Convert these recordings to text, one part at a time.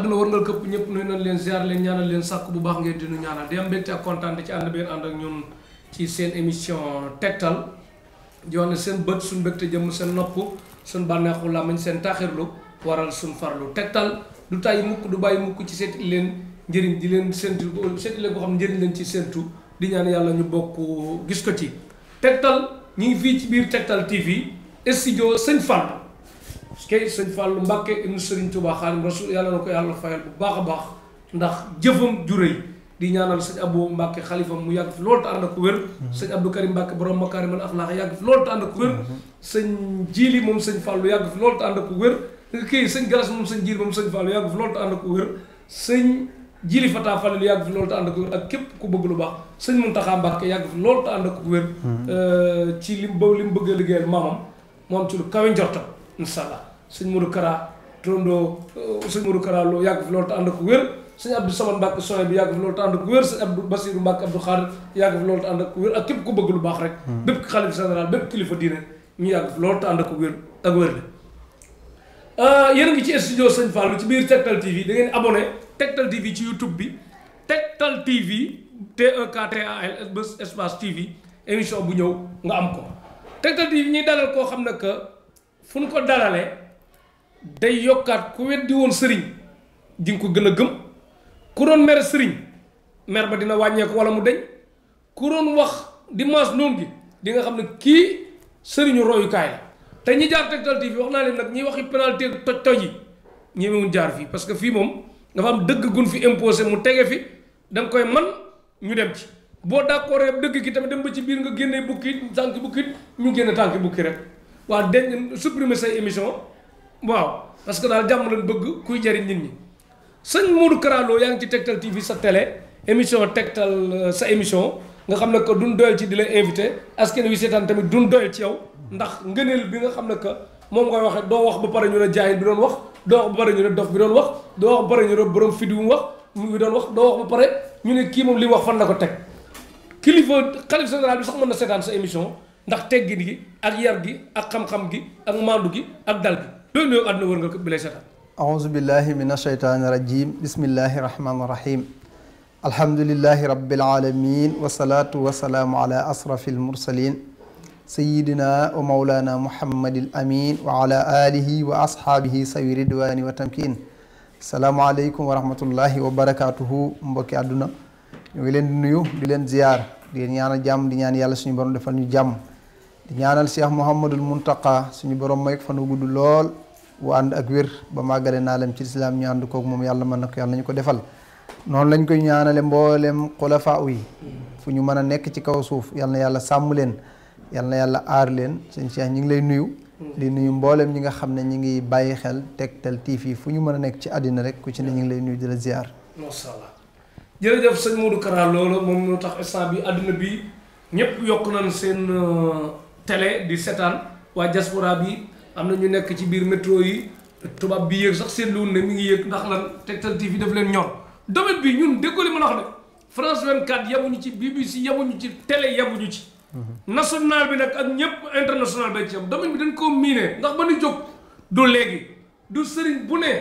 àdduna wërngal këpp ñëpp nuyu nañ leen ziar leen ñaanal leen sàkk bu baax ngeen di nu ñaanal di am mbégte ak kontaan ci ànd benn ànd ak ñun ci seen émission tegtal yoone seen bët suñ te jëm seen nopp suñ bànneexu làmmiñ seen taaxirlu waral suñ farlu tegtal du tàyyi mukk du bàyyi mukk ci seeti leen njëriñ di leen séntu seeti leen ko xam njëriñ leen ci séntu di ñaan yàlla ñu bokk gis ko ci tegtal ñu ngi fii ci biir tegtal TV studio seen Fall kay sëñ Fallou Mbacke ibnu Serigne Touba Xaadim Rasul yàlla na ko yàlla fayal bu baax a baax ndax jëfam ju di ñaanal sëñ Abou Mbacke xalifam mu yàgg fi loolu mhm. mhm. te ànd ak wér sëñ Abdou Karim Mbacke borom makaarimal axlaax yàgg fi loolu te ànd ak wér moom sëñ Fallou yàgg fi loolu te ànd ak wér moom sëñ Jili moom sëñ Fallou yàgg fi loolu te ànd ak wér sëñ jili fataa falelu yàgg ak wér képp ku bëgg lu baax sëñ Muntaxa Mbàkke yàgg fi loolu te ànd ak wér mhm. euh, ci lim ba li mu bëgg a liggéeyal maamam moom ci lu kawe njortam incha sëñ Modou Kara turandoo euh, sëñ Modou Kara yàgg fi loolu te ànd ak wér sëñ Abdou Samane Mbacke Soye bi yàgg fi loolu te ànd ak wér sëñ Abdou Bassirou Mbacke Abdou Khadre yàgg fi loolu te ànd ak wér ak képp ku bëgg lu baax rek hmm. bépp xalif général bépp kilifa yàgg fi loolu te ànd ak wér la euh, yéen ngi ci studio sëñ Fallou ci biir Tektal TV da ngeen abonné Tektal TV ci YouTube bi Tektal TV TEKTAL espace TV émission bu ñëw nga am ko Tektal TV ñuy dalal koo xam ne que fu ko dalalee day yokkaat ku weddi woon sëriñ di nga ko gën a gëm ku doon mere sëriñ mer ba dina wàññeeku wala mu deñ ku doon wax di maas noon gi di nga xam ne kii sëriñu royukaay la te ñi jaar Tektal TV wax naa leen nag ñi waxi pénalité toj toj yi ñemewuñ jaar fii parce que fii moom dafa am dëgg gun fi imposé mu tege fi da nga koy man ñu dem ci boo d'accord dëgg ki tamit dem ba ci biir nga génnee bukki tànki bukki ñu génne tànki bukki rek waa denc supprimer say émission waaw parce que daal jàmm lañ bëgg kuy jariñ nit ñi sëñ Modou Kara Lo yaa ngi ci Tektal TV sa télé émission Tektal euh, sa émission nga xam ne que duñ doyal ci di la invité askan wi seetaan tamit duñ doyal ci yow ndax ngëneel bi nga xam ne que moom ngay waxee doo wax ba pare ñu ne jaay bi doon wax doo wax ba pare ñu ne dof bi doon wax doo wax ba pare ñu ne borom fit doon wax doo ba pare ñu ne kii moom li wax fan la ko teg kilifa xalif général bi sax mën na seetaan sa émission ndax teggi gi ak yar gi ak xam gi ak maandu gi ak dal loolu nuyoo àdduna wër nga ko bi lay seetaan aouzu billahi min ashaytaani rajim bismillahi rahmaani rahim alhamdulillahi rabbil alamin wasalaatu wasalaamu ala wa maulana muhammadil amin wa ala wa ashaabihi sawi ridwaani wa tamkin salaamaaleykum wa rahmatullahi wa barakaatuhu mbokki àdduna ñu ngi leen di nuyu di leen ziyaar di leen ñaanal jàmm di ñaan yàlla suñu borom defal ñu jàmm di ñaanal Cheikh Mouhamadul Muntaqa suñu borom may fan gudd lool wu ànd ak wér ba màggale naa leen ci lislaam ñu ànd koog moom yàlla mën na ko yàlla nañu ko defal noonu lañ koy ñaanale mboolem xulafaa yi fu ñu mën a nekk ci kaw suuf yal na yàlla sàmm leen yal yàlla aar leen sëñ Cheikh ñu ngi lay nuyu. di nuyu mbooleem ñi nga xam ne ñu ngi bàyyi xel Tektal TV fu ñu mën a nekk ci àddina rek ku ci ne ñu ngi lay nuyu di la ziar. macha allah jërëjëf moo tax instant télé di seetaan waa diaspora yi am na ñu nekk ci biir métro yi tubaab bi yéeg sax seen woon ne mi ngi yéeg ndax lan Tektal TV daf leen ñor domaine bi ñun déggoo li ma la wax de France 24 yabuñu ci BBC yabuñu ci télé yabuñu ci. Mhm. national bi nag ak ñëpp international ba ci am domaine bi koo miinee ndax ba ñu jóg du léegi du sëriñ bu ne.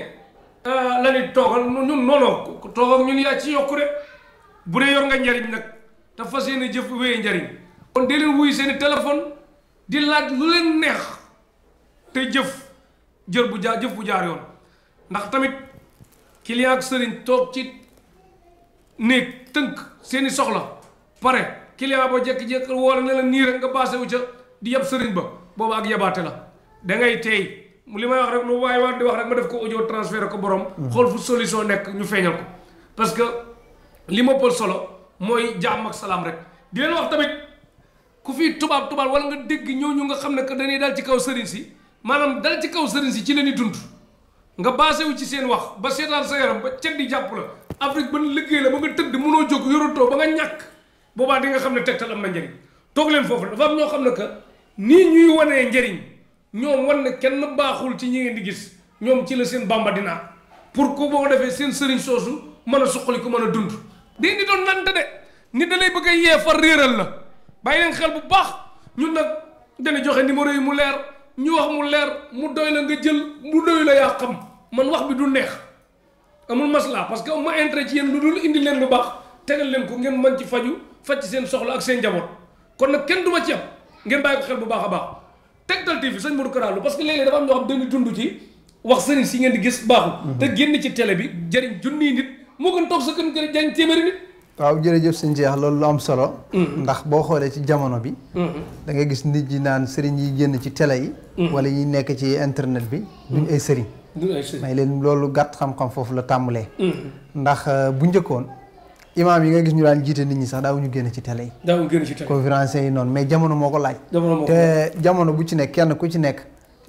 Euh, la ñuy toogal ñun noonu toogal ñun yaa ci yokku de bu dee yor nga njariñ nag te fas yéene jëf wéyee njariñ kon dee leen wuyu seen i téléphone di laaj lu leen neex te jëf jër bu jaar jëf bu jaar yoon ndax tamit client ak sëriñ toog ci néeg tënk seeni soxla pare client ba jekk jékki woo ne la nii rek nga baase wu ca di yab sëriñ ba boobu ak yabaate la da ngay tey li may wax rek lu waaye waan di wax rek ma def ko audio transféré ko borom. Hmm. xool fu solution nekk ñu feeñal ko parce que li ma pël solo mooy jaam ak salaam rek di leen wax tamit. ku fi tubaab tubaab wala nga dégg ñooñu nga xam ne que dañuy dal ci kaw sëriñ si maanaam dal ci kaw sëriñ si ci la ñuy dund nga basé wu ci seen wax ba seetaan sa yaram ba ceddi jàpp la Afrique ban liggéey la ba nga tëdd mënoo jóg yorotoo ba nga ñàkk boobaa di nga xam ne tegtal am na njëriñ toog leen foofu dafa am ñoo xam ne que nii ñuy wanee njëriñ ñoom wan ne kenn baaxul ci ñi ngeen di gis ñoom ci la seen bàmba dinaa pour ko boo defee seen sëriñ soosu mën a suqali ko mën a dund. di di doon nante de da lay bëgg yee far réeral la. bàyyi leen xel bu baax ñun nag dana joxe numéro yi mu leer ñu wax mu leer mu doy la nga jël mu doy la yaa xam man wax bi du neex amul maslaa parce que ma intérêt ci yéen lu dul indi leen lu baax tegal leen ko ngeen man ci faju faj ci seen soxla ak seen njaboot kon nag kenn du ma ci am ngeen bàyyi ko xel bu baax a baax Tektal TV sëñ Modou Kara Lo parce que léeg-léeg dafa am ñoo xam dañuy dund ci wax sëriñ si ngeen di gis baaxul. Mhm. te génn ci tele bi jëriñ junniy nit moo gën toog sa kër jëriñ téeméeri nit. waaw jërëjëf sëñ Cheikh loolu lu am solo. Mm-hmm. ndax boo xoolee ci jamono bi. Mm-hmm. da nga gis nit ñi naan sëriñ yi génn ci télé yi. Mm-hmm. wala ñi nekk ci internet bi. duñ ay sëriñ. may leen loolu gàtt xam-xam foofu la tàmbulee ndax euh, bu njëkkoon imaam yi nga gis ñu daan jiite nit ñi sax daawuñu génn ci télé yi. daawuñu génn yi noonu mais jamono moo ko laaj. te jamono bu ci nekk kenn ku ci nekk.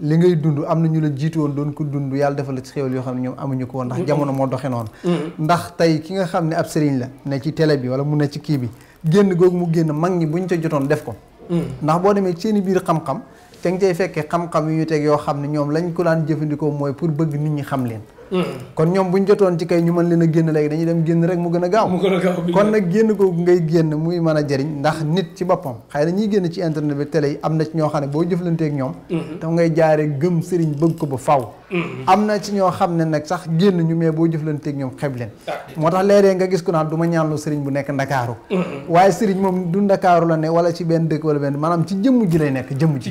li ngay dund am na ñu la jiitu woon doon ko dund yàlla defal la ci xéwal yoo xam ne ñoom amuñu ko woon ndax jamono moo doxe noonu ndax tey ki nga xam ne ab sëriñ la ne ci télé bi wala mu ne ci kii bi génn googu mu génn mag ñi bu ñu ca jotoon def ko mm. ndax boo demee seeni i biir xam-xam te nga cay fekkee xam-xam yu ñu teg yoo xam ne ñoom lañ ko daan jëfandikoo mooy pour bëgg nit ñi xam leen kon ñoom bu ñu jotoon ci kay ñu mën leen a génn léegi dañuy dem génn rek mu gën a gaaw kon nag génn ko googu ngay génn muy mën a jariñ ndax nit ci boppam xëy na ñuy génn ci internet bi télé yi am na ci ñoo xam ne boo jëflanteek ñoom tam mm-hmm. ngay jaare gëm sëriñ bëgg ko ba faw mm-hmm. am na ci ñoo xam ne nag sax génn ñu mais boo jëf jëflanteek ñoom xeb leen moo tax léeg-léeg nga gis ku naan du ma ñaanlu sëriñ bu nekk ndakaaru mm-hmm. waaye sëriñ moom du ndakaaru la ne wala ci benn dëkk wala benn maanaam ci jëmm ji lay nekk jëmm ji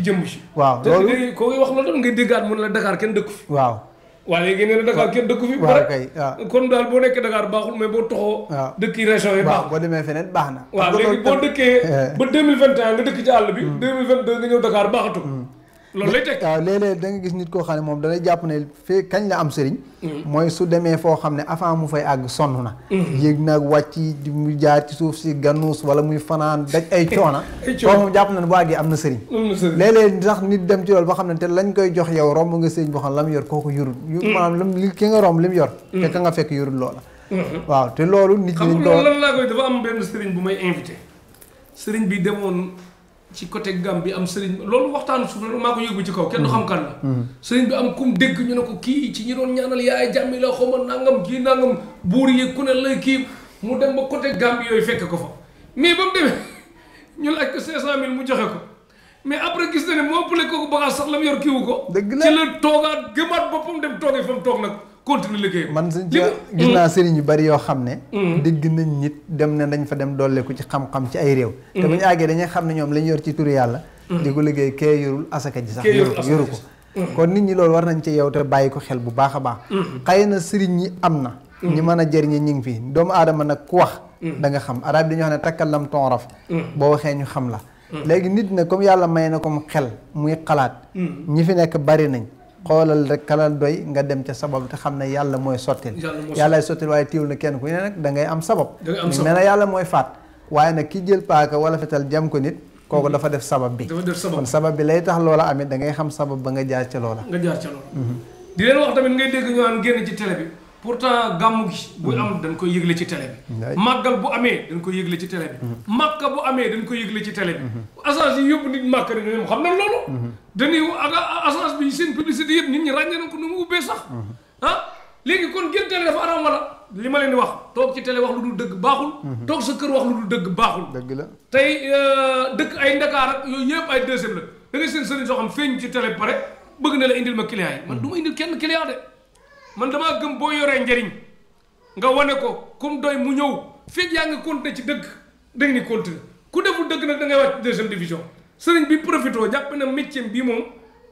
waaw loolu ko wax loolu nga déggaat la Dakar kenn waaw waaw léegi nee na Dakar kenn dëkku fi. waaw kay kon daal boo nekk Dakar baaxul mais boo toxoo. waaw dëkk yi baax boo demee feneen baax na. waaw léegi boo dëkkee ba 2021 nga dëkk ci àll bi. 2022 hmm. nga ñëw Dakar baaxatul. loolu lay teg waaw euh, léeg-léeg da nga gis nit koo xam ne moom danay jàpp ne fee kañ la am sëriñ mm-hmm. mooy su demee foo xam ne avant mu fay àgg sonn na mm-hmm. yéeg nag wàcc di mu jaar ci suuf si ganuus wala muy fanaan daj ay coona foo moom na ne bu àggee am na sëriñ léeg-léeg sax nit dem ci loolu ba xam ne te lañ koy jox yow romb nga sëriñ boo xam ne la mu yor kooku yurul mm-hmm. maanaam lam li ki nga romb li mu yor te ka nga fekk yurul loola waaw te loolu nit ñi dañ laa koy dafa am benn sëriñ bu may invité sëriñ ci côté gam bi am sëriñ loolu waxtaanu suuf la maa ko yóbbu ci kaw kenn du xam kan la mm-hmm. sëriñ bi am kum dégg ñu ne ko kii ci ñi doon ñaanal yaay jàmmi la xawma nangam kii nangam buur yi ku ne la kii mu dem ba côté gam yooyu fekk ko fa mais ba mu demee ñu laaj ko cinq cent mille mu joxe ko mais après gis na ne moo ëppale kooku bagage sax la mu yor kiiwu ko ci la toogaat gëmaat boppam dem toogee fa mu toog nag continuer liggéey man si gis mm. naa sëriñ yu bari yoo xam ne mm. dégg nañ nit dem ne dañ fa dem dolleeku ci xam-xam ci ay réew mm. te bu ñu àggee dañuy xam ne ñoom lañu ñu yor ci turu yàlla di ko liggéey kee yorul asaka ji sax yoru ko kon nit ñi loolu war nañ ci yow te bàyyi ko xel bu baax a baax xëy na sëriñ yi am na ñi mën a jëriñi ñi ngi fi doomu aadama nag ku wax da nga xam arab bi dañoo xam ne takkallam tonraf boo waxee ñu xam la léegi nit na comme yàlla may na comme xel muy xalaat ñi fi nekk bari nañ xoolal rek kalal doy nga dem ca sabab te xam na yàlla mooy sottil yàllaay sottil waaye tiiwul na kenn ku ne nag da ngay am sabab na yàlla mooy faat waaye nag ki jël paaka wala fetal jam ko nit kooku mhm. dafa def sabab bi kon sabab bi lay tax loola amit da ngay xam sabab ba nga jaar ca loola nga mhm. di leen wax tamit ngay dégg ñu naan génn ci télé bi pour pourtant gàmmu gi bu am dañ koy yëgle ci télé bi màggal bu amee dañ koy yëgle ci tele bi màkka bu amee dañ koy yëgle ci télé bi mm-hmm. agence mm-hmm. yi yóbbu nit màkka rek ñoom xam nañ loolu mm-hmm. dañuy ak agence bi seen publicité yëpp nit ñi ràññee nañ ko nu mu ubbee sax ah, léegi kon gén télé dafa aram wala li ma leen di wax toog ci télé wax lu dul dëgg baaxul toog sa kër wax dëgg baaxul dëgg la tey euh, dëkk ay Ndakaar yooyu yëpp ay deuxième la da nga seen sëriñ ci télé pare bëgg na la indil ma client yi man du indi indil kenn client de man damaa gëm boo yoree njëriñ nga wane ko comme doy mu ñëw fekk yaa ngi continuer ci dëgg dëgg ni continuer ku deful dëgg na da ngay wàcc deuxième division sëriñ bi profitoo jàpp na métier bii moom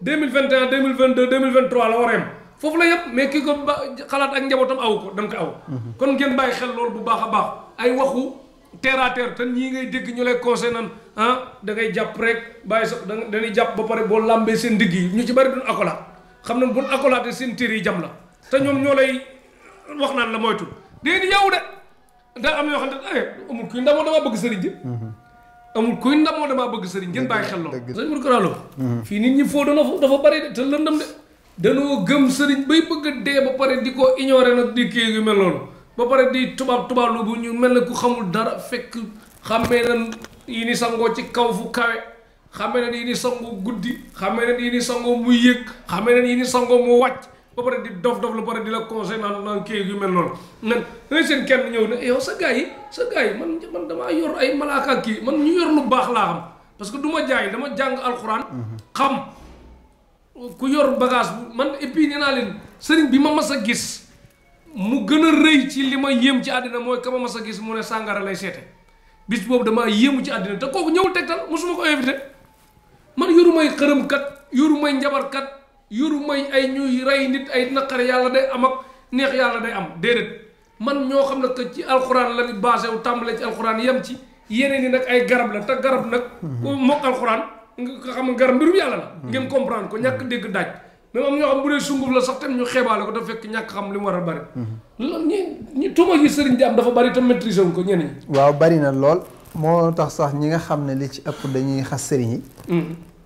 2021 2022 2023 la war a yem foofu la yëpp mais ki ko ba xalaat ak njabootam aw ko dam ko aw mhm. kon ngeen bàyyi xel loolu bu baax a baax ay waxu terre te ñii ngay dégg ñu lay conseil nan ah da ngay jàpp rek bàyyi sa dañuy jàpp ba pare boo làmbee seen digg yi ñu ci bari duñ accolade xam na buñ accoladé seen téere yi jam la te ñoom ñoo lay wax naan la moytu déedéet yow de ndax am na yoo xam ne eh, amul kuy ndamoo damaa bëgg sëriñ ji amul kuy ndamoo damaa bëgg sëriñ ngeen bàyyi xel loolu sëñ Mourou Kara Lo mm-hmm. fii nit ñi foo dana fa dafa bari danoo gëm sëriñ bay bëgg ba pare di ko ignorer na di kii yu mel noonu ba pare di tubaab tubaab lu bu ñu mel na ku xamul dara fekk xammee nan yi ni sangoo ci kaw fu kawe xammee nan yi ni sangoo guddi xammee nan yi ni sangoo mu yëg xammee nan yi ni sangoo mu wàcc ba pare di dof dof la pare di la conseil naan naan kii mel noonu nan nga seen kenn ñëw ne eh, yow sa gars yi sa gars yi yor ay malaaka man ñu yor lu baax laa xam parce que du ma dama jàng alxuraan. xam ku yor bagage bu man et puis naa leen sëriñ bi ma mas a gis mu gën a rëy ci li ma yéem ci àddina mooy ka ma mas a gis mu ne sàngara lay seete bis boobu damaa yéemu ci àddina te kooku ñëwul tegtal mosuma ko invité man yoru may xërëmkat yoru may njabarkat. yoru may ay ñuy rey nit ay naqare yàlla day am ak neex yàlla day am déedéet man ñoo xam ne que ci alxuraan la ñu basé wu tàmbalee ci alxuraan yam ci yeneen yi nag ay garab la te garab nag. Mhm. mook alxuraan nga xam garab yàlla mhm. ngeen comprendre ko ñàkk dégg daaj. mais am ñoo xam bu dee sunguf la sax tam ñu xeebaale ko dafa fekk ñàkk xam li mu war a bari mhm. loolu ñi ñi tuuma yi sëriñ di am dafa bëri te maîtriser ko ñeneen ñi. waaw bari na lool moo tax sax ñi nga xam ne li ci ëpp dañuy xas sëriñ yi.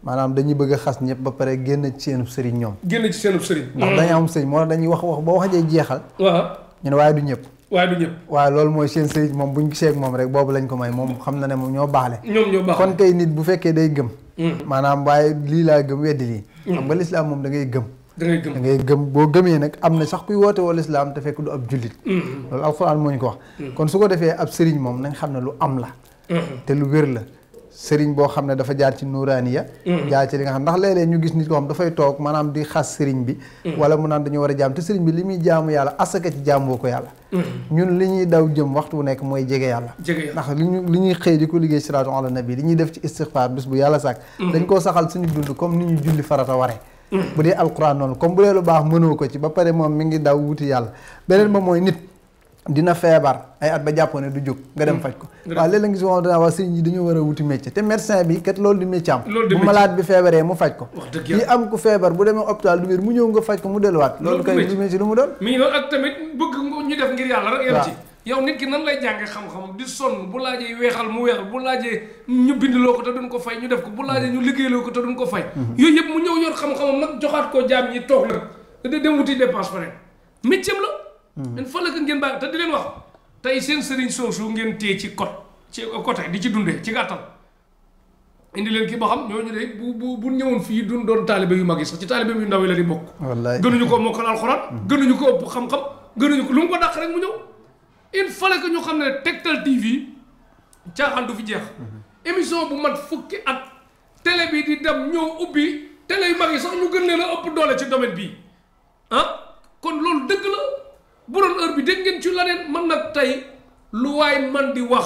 maanaam dañuy bëgg a xas ñëpp ba pare génn ci seenub sëriñ ñoom. génn ci seenub sëriñ. ndax mm-hmm. dañu am sëriñ moo tax dañuy wax wax boo wax jee jeexal. waaw ne waaye du ñëpp. waaye loolu mooy seen sëriñ moom bu ñu seek moom rek boobu lañ ko may moom xam na ne moom ñoo baaxle. ñoom kon kay nit bu fekkee day gëm. Mm. maanaam waaye lii laa gëm weddi lii. Mm. xam nga lislaam moom da ngay gëm. da gëm boo gëmee nag am na sax kuy woote woo lislaam te fekk du ab jullit. Mm. loolu alxuraan moo ko kon su ko defee ab sëriñ moom nañ xam ne lu am la te lu wér la sëriñ boo xam ne dafa jaar ci nuuraaniya mm-hmm. jaar ci li nga xam ndax léeg-léeg ñu gis nit koo xam dafay toog maanaam di xas sëriñ bi mm-hmm. wala mu naan dañu war a jaam te sëriñ bi li muy mm-hmm. ñuy daw jëm waxtu bu nekk mooy jege yàlla ndax li ñu li ñuy xëy di ko liggéey siraatu ala nabi li ñuy def ci istixfaar bis bu yàlla sàkk dañ koo saxal suñu dund comme ni ñu julli farata waree bu dee alquran noonu comme bu dee lu baax mënoo ko ci ba pare moom mi ngi daw dina feebar ay at ba jàppoon ne du jóg nga dem mm. faj ko waaw léeg-léeg nga si waxoon danaa waa sëriñ yi dañoo war a wuti métier te médecin bi kat loolu di métier am bu malade bi faj ko yi am ku feebar bu demee hôpital du biir mu ñëw mu delluwaat loolu kay du métier lu mu doon mi loolu ak tamit bëgg ñu def ngir yow nit ki nan lay jànge xam-xam di bu laajee weexal mu weexal bu laajee ñu bindloo ko te duñ ko fay ñu def ko bu laajee ñu mm-hmm. liggéeyloo ko te ko fay mm-hmm. yooyu yëpp mu ñëw yor xam-xamam nag joxaat koo jaam yi toog la da dem wuti dépense pare métier la ñun fa la ko ngeen bàyyi te di leen wax tey seen sëriñ soosu ngeen tey ci côté ci côté di ci dunde ci gàttal indi leen kii boo xam ñooñu de bu bu bu ñëwoon fii dun doon taalibe yu mag yi sax ci taalibe yu ndaw yi la di bokk gënuñu ko mokkal alxuraan mhm. gënuñu ko ëpp xam-xam gënuñu ko lu mu ko dàq rek mu ñëw il fallait que ñu xam ne Tektal TV caaxaan du fi jeex mhm. émission bu mat fukki ak télé bi di dem ñëw ubbi télé yu mag yi sax ñu gën ne la ëpp doole ci domaine bii ah loolu dëgg la bu heure bi dégg ngeen ci leneen man nag tey lu waay man di wax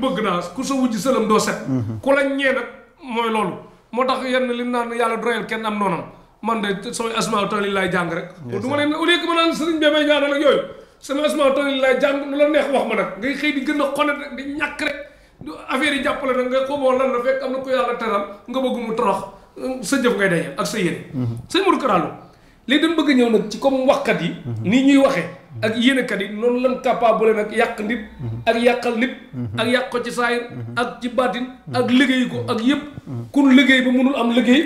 bëgg naa ku sa wujj sëlam doo set. Mhm. ku la ñee nag mooy loolu. moo tax yenn li naan yàlla doyal kenn am noonam man de samay asmaa tawil laay jàng rek. du ma leen au lieu que ma naan sëriñ bee may ñaanal ak yooyu sama asmaa tawil laay jàng lu la neex wax ma nag ngay xëy di gën a xonet rek di ñàkk rek affaire yi jàppale nag nga xoboo lan la fekk am na ko yàlla teral nga bëgg mu torox sa jëf ngay dajal ak sa yéen. Mhm. sëñ Modou Kara Lo léegi dama bëgg ñëw nag ci comme waxkat yi. Mhm. nii ñuy waxee. ak yéenekat yi noonu lan capable nag yàq nit mhm. ak yàqal nit mhm. ak yàq ko ci saayir mhm. ak ci baatin ak liggéey ko ak yëpp kun liggéey ba mënul am liggéey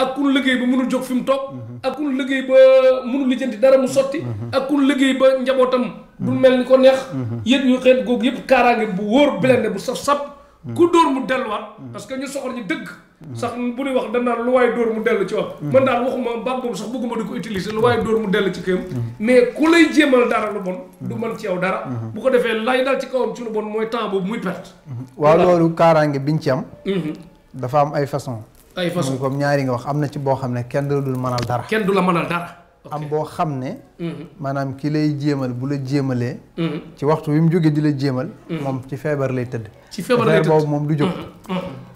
ak kun liggéey ba mënul jóg fi mu toog ak kun liggéey ba mënul lijjanti dara mu sotti ak kun liggéey ba njabootam du mel ni ko neex yéen ñu xeet googu yëpp kaaraange bu wóor blende bu saf-saf ku dóor mu delluwaat. parce que ñu soxor ñu dëgg. sax bu ñuy wax dañ lu waaye dóor mu dellu ci wax. man daal waxuma baat boobu sax bëgguma di ko utiliser lu waaye dóor mu dellu ci kawam. mais ku lay jéemal dara lu bon. du mën ci yow dara. bu ko defee lay dal ci kawam ci lu bon mooy temps boobu muy perte. waaw loolu kaaraange ñu ci am. Mhm. dafa am ay façon ay façon comme ñaari nga wax am na ci boo xam ne kenn du la mënal dara. kenn du la mënal dara. am boo xam ne. Mhm. maanaam ki lay jéemal bu la jéemalee. Mhm. ci waxtu wi mu jógee di la jéemal. moom ci feebar lay tëdd. ci feebar boobu moom du jóg.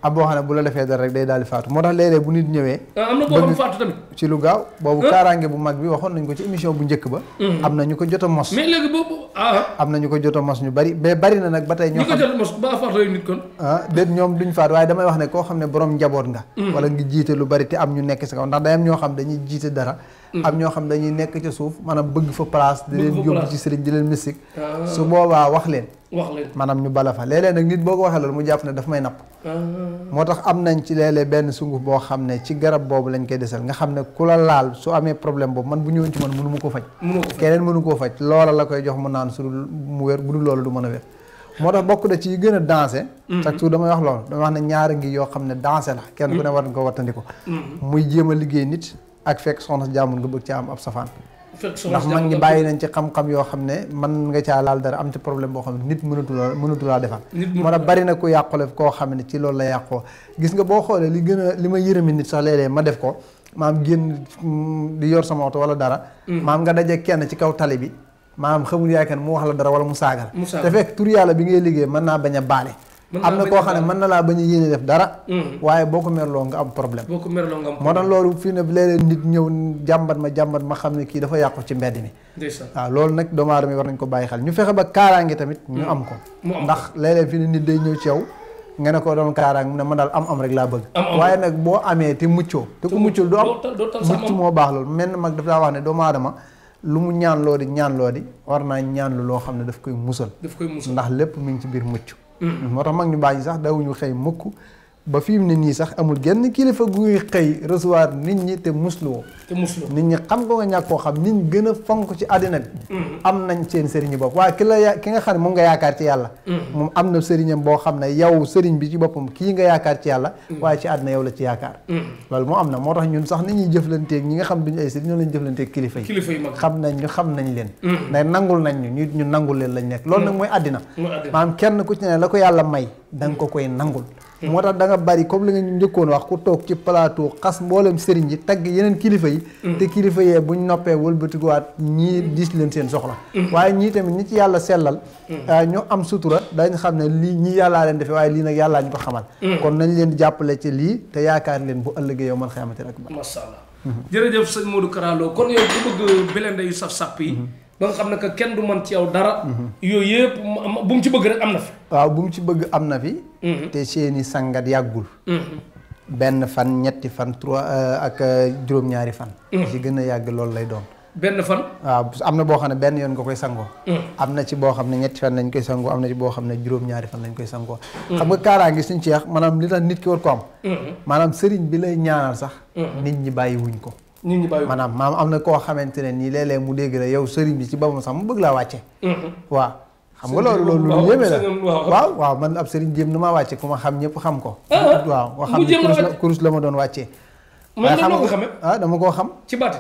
am mm-hmm. mm-hmm. boo xam ne bu la defee dara rek day daal di faatu moo tax léeg bu nit ñëwee. Ah, am faatu tamit. ci lu gaaw boobu kaaraange bu mag bi waxoon nañ ko ci émission bu njëkk ba. Mm-hmm. am na ñu ko jot a mos. mais ah, ah. am na ñu ko jot a mos ñu bari mais bari na nag ba tey. ñoo xam ñu ko jot a mos ba faatu nit kon. ah ñoom duñ faatu waaye damay wax ne koo xam ne borom njaboot nga. wala nga jiite lu bari te am ñu nekk si kaw ndax day ñoo xam dañuy jiite dara Mm-hmm. am ñoo xam dañuy nekk ca suuf maanaam bëgg fa place di leen yóbbu ci sëriñ di leen mystique ah. su boobaa wax leen wax leen maanaam ñu bala fa léeg-léeg nit boo ko waxee loolu mu jàpp ne daf may napp ah. moo tax am nañ ci léeg-léeg benn sunguf boo xam ne ci garab boobu lañ koy desal nga xam ne ku la laal su amee problème boobu man bu ñëwoon ci man mënu ma ko faj keneen mënu koo faj loola la koy jox mu naan su mu wér bu dul du mën a wér moo tax bokk da ci yi gën a dansé mm-hmm. chaque jour damay wax loolu damay wax ne ñaara ngi yoo xam ne dansé la kenn ku ne mm-hmm. war nga ko wattandiku muy jéem a liggéey nit ak fekk soxna jaamu nga bëgg caa am ab safaan. ndax mag ñi bàyyi nañ ci xam-xam yoo xam ne mën nga caa laal dara am ci problème boo xam ne nit mënatu la mënatu laa defar moo tax bari na koo xam ne ci loolu la yàqoo gis nga boo xoolee li gën li ma yërëmi nit sax léeg-léeg ma def ko maam génn mm, di yor sama oto wala dara mm. maam nga daje kenn ci kaw tali bi maam xamul yaay kan mu wax la dara wala mu saaga la te fekk tur yàlla bi ngay liggéey mën naa bañ a baale am na koo xam ne mën na laa bañ a yéene def dara. Hmm. waaye boo ko merloo nga am problème. boo am moo tax loolu fii ne léeg-léeg nit ñëw jàmbat ma jàmbat ma xam ne kii dafa yàqu ci mbedd mi. waaw loolu nag doomu aadama war nañ ko bàyyi xel ñu fexe ba kaaraange tamit. ñu hmm. am ko ndax léeg-léeg fii ne nit day ñëw ci yow. nga ne ko doon kaaraang ne man daal am am rek laa bëgg waaye nag boo amee te muccoo te ko muccul du moo baax loolu mel mag daf daa wax ne doomu aadama lu mu ñaan loo di ñaan loo di war naa ñaan lu loo xam ne daf koy musal ndax lépp mu ngi ci biir mucc moo tax mag ñu bàyyi sax dawuñu xëy mukk ba fi mu ne nii sax amul genn kilifa guy xëy recevoir nit ñi te musluwoo. te musluwoo nit ñi xam ko nga ñàkk koo xam nit ñi gën a fonk ci àddina bi. Mm-hmm. am nañ seen sëriñu bopp waaye ki la ya ki nga xam ne moom nga yaakaar ci yàlla. Mm-hmm. moom am na sëriñam boo xam ne yow sëriñ bi ci boppam kii nga yaakaar ci yàlla. Mm-hmm. waaye ci àddina yow la ci yaakaar. loolu moo am na moo tax ñun sax ni ñuy jëflanteeg ñi nga xam duñu ay sëriñ ñoo lañ kilifa yi. xam nañ ñu xam nañ leen. ndax nangul nañ ñu ñu nangul leen lañ nekk. loolu nag mooy àddina maanaam kenn ku ci ne la ko yàlla may da nga ko koy nangul moo tax danga bari comme li nga njëkkoon wax ku toog ci plateau xas mboolem sëriñ yi tagg yeneen kilifa yi mm. te kilifa yee buñ noppee wëlbatikuwaat ñii diis mm. leen seen soxla mm. waaye ñii tamit ñi ci yàlla sellal ah, ñoo am sutura dañ xam ne lii ñii yàllaa leen defee waaye lii nag yàllaa ñu ko xamal kon nañ leen jàppale ci lii te yaakaar leen bu ëllëgee yow man xayamate ak ba masha Allah mm-hmm. jërëjëf sëñ Modou Kara Lo kon yow ku bëgg belende yu saf-sàpp mm-hmm. ba nga xam ne que kenn du man ci yow dara. Mhm. yooyu yëpp bu mu ci bëgg am waaw bu mu ci bëgg am na fi. Mhm. te seeni sangat yàggul. Mhm. benn fan ñetti fan trois euh, ak euh, juróom-ñaari fan. ci gën a yàgg loolu lay doon. benn fan. waaw am na boo xam ne yoon nga koy sangoo. am na ci boo xam ne ñetti fan lañ koy sangoo am na ci boo xam ne juróom-ñaari fan lañ koy sangoo. xam nga kaaraange suñ ceex maanaam li tax nit ki war ko am. maanaam sëriñ bi lay ñaanal sax. nit ñi bàyyi ko. nit ñi bàyyi maanaam maam am na koo xamante ne nii léeg-léeg mu dégg la yow sëriñ bi ci boppam sax mu bëgg laa wàcce mhm. waaw xam nga loolu loolu lu yéeme la waaw waaw man ab sëriñ jéem na maa wàcce ku ma xam ñëpp xam ko ah, ah. waaw nga xam ne kurus la ma doon wàccee waaye xam waaw ah, dama koo xam ci baat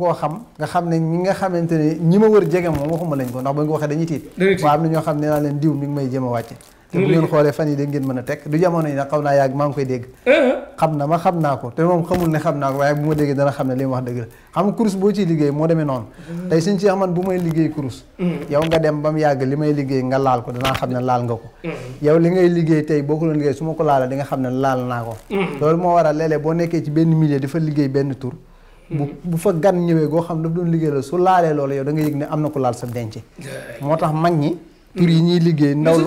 koo xam nga xam ne ñi nga xamante ne ñi ma wër jege moom waxuma lañ ko ndax ba nga waxee dañuy tiit waaw am na ñoo xam ne naa leen diw mi ngi may jéem wàcce te bu ngeen xoolee fan yi de ngeen mën a teg du jamono yi nag xaw naa yàgg maa ngi koy dégg eh? xam na ma xam naa ko te moom xamul ne xam naa ko waaye bu ma déggee dana xam ne li mu wax dëgg la xam nga kurus boo liggéey moo demee noonu mm-hmm. tey suñ ci man bu may liggéey kurus mm-hmm. yow nga yàgg li may liggéey nga laal ko danaa xam ne laal nga ko mm-hmm. yow li ngay liggéey tey boo ko doon liggéey su ma ko laalee di nga xam ne laal naa ko loolu moo waral léeg-léeg boo nekkee ci benn milieu dafa liggéey benn tur bu bu fa gan ñëwee goo xam daf doon liggéey la su laalee loolu yow da nga ne am na ko laal sa denc moo tax mag ñi tur yi ñuy liggéey ndaw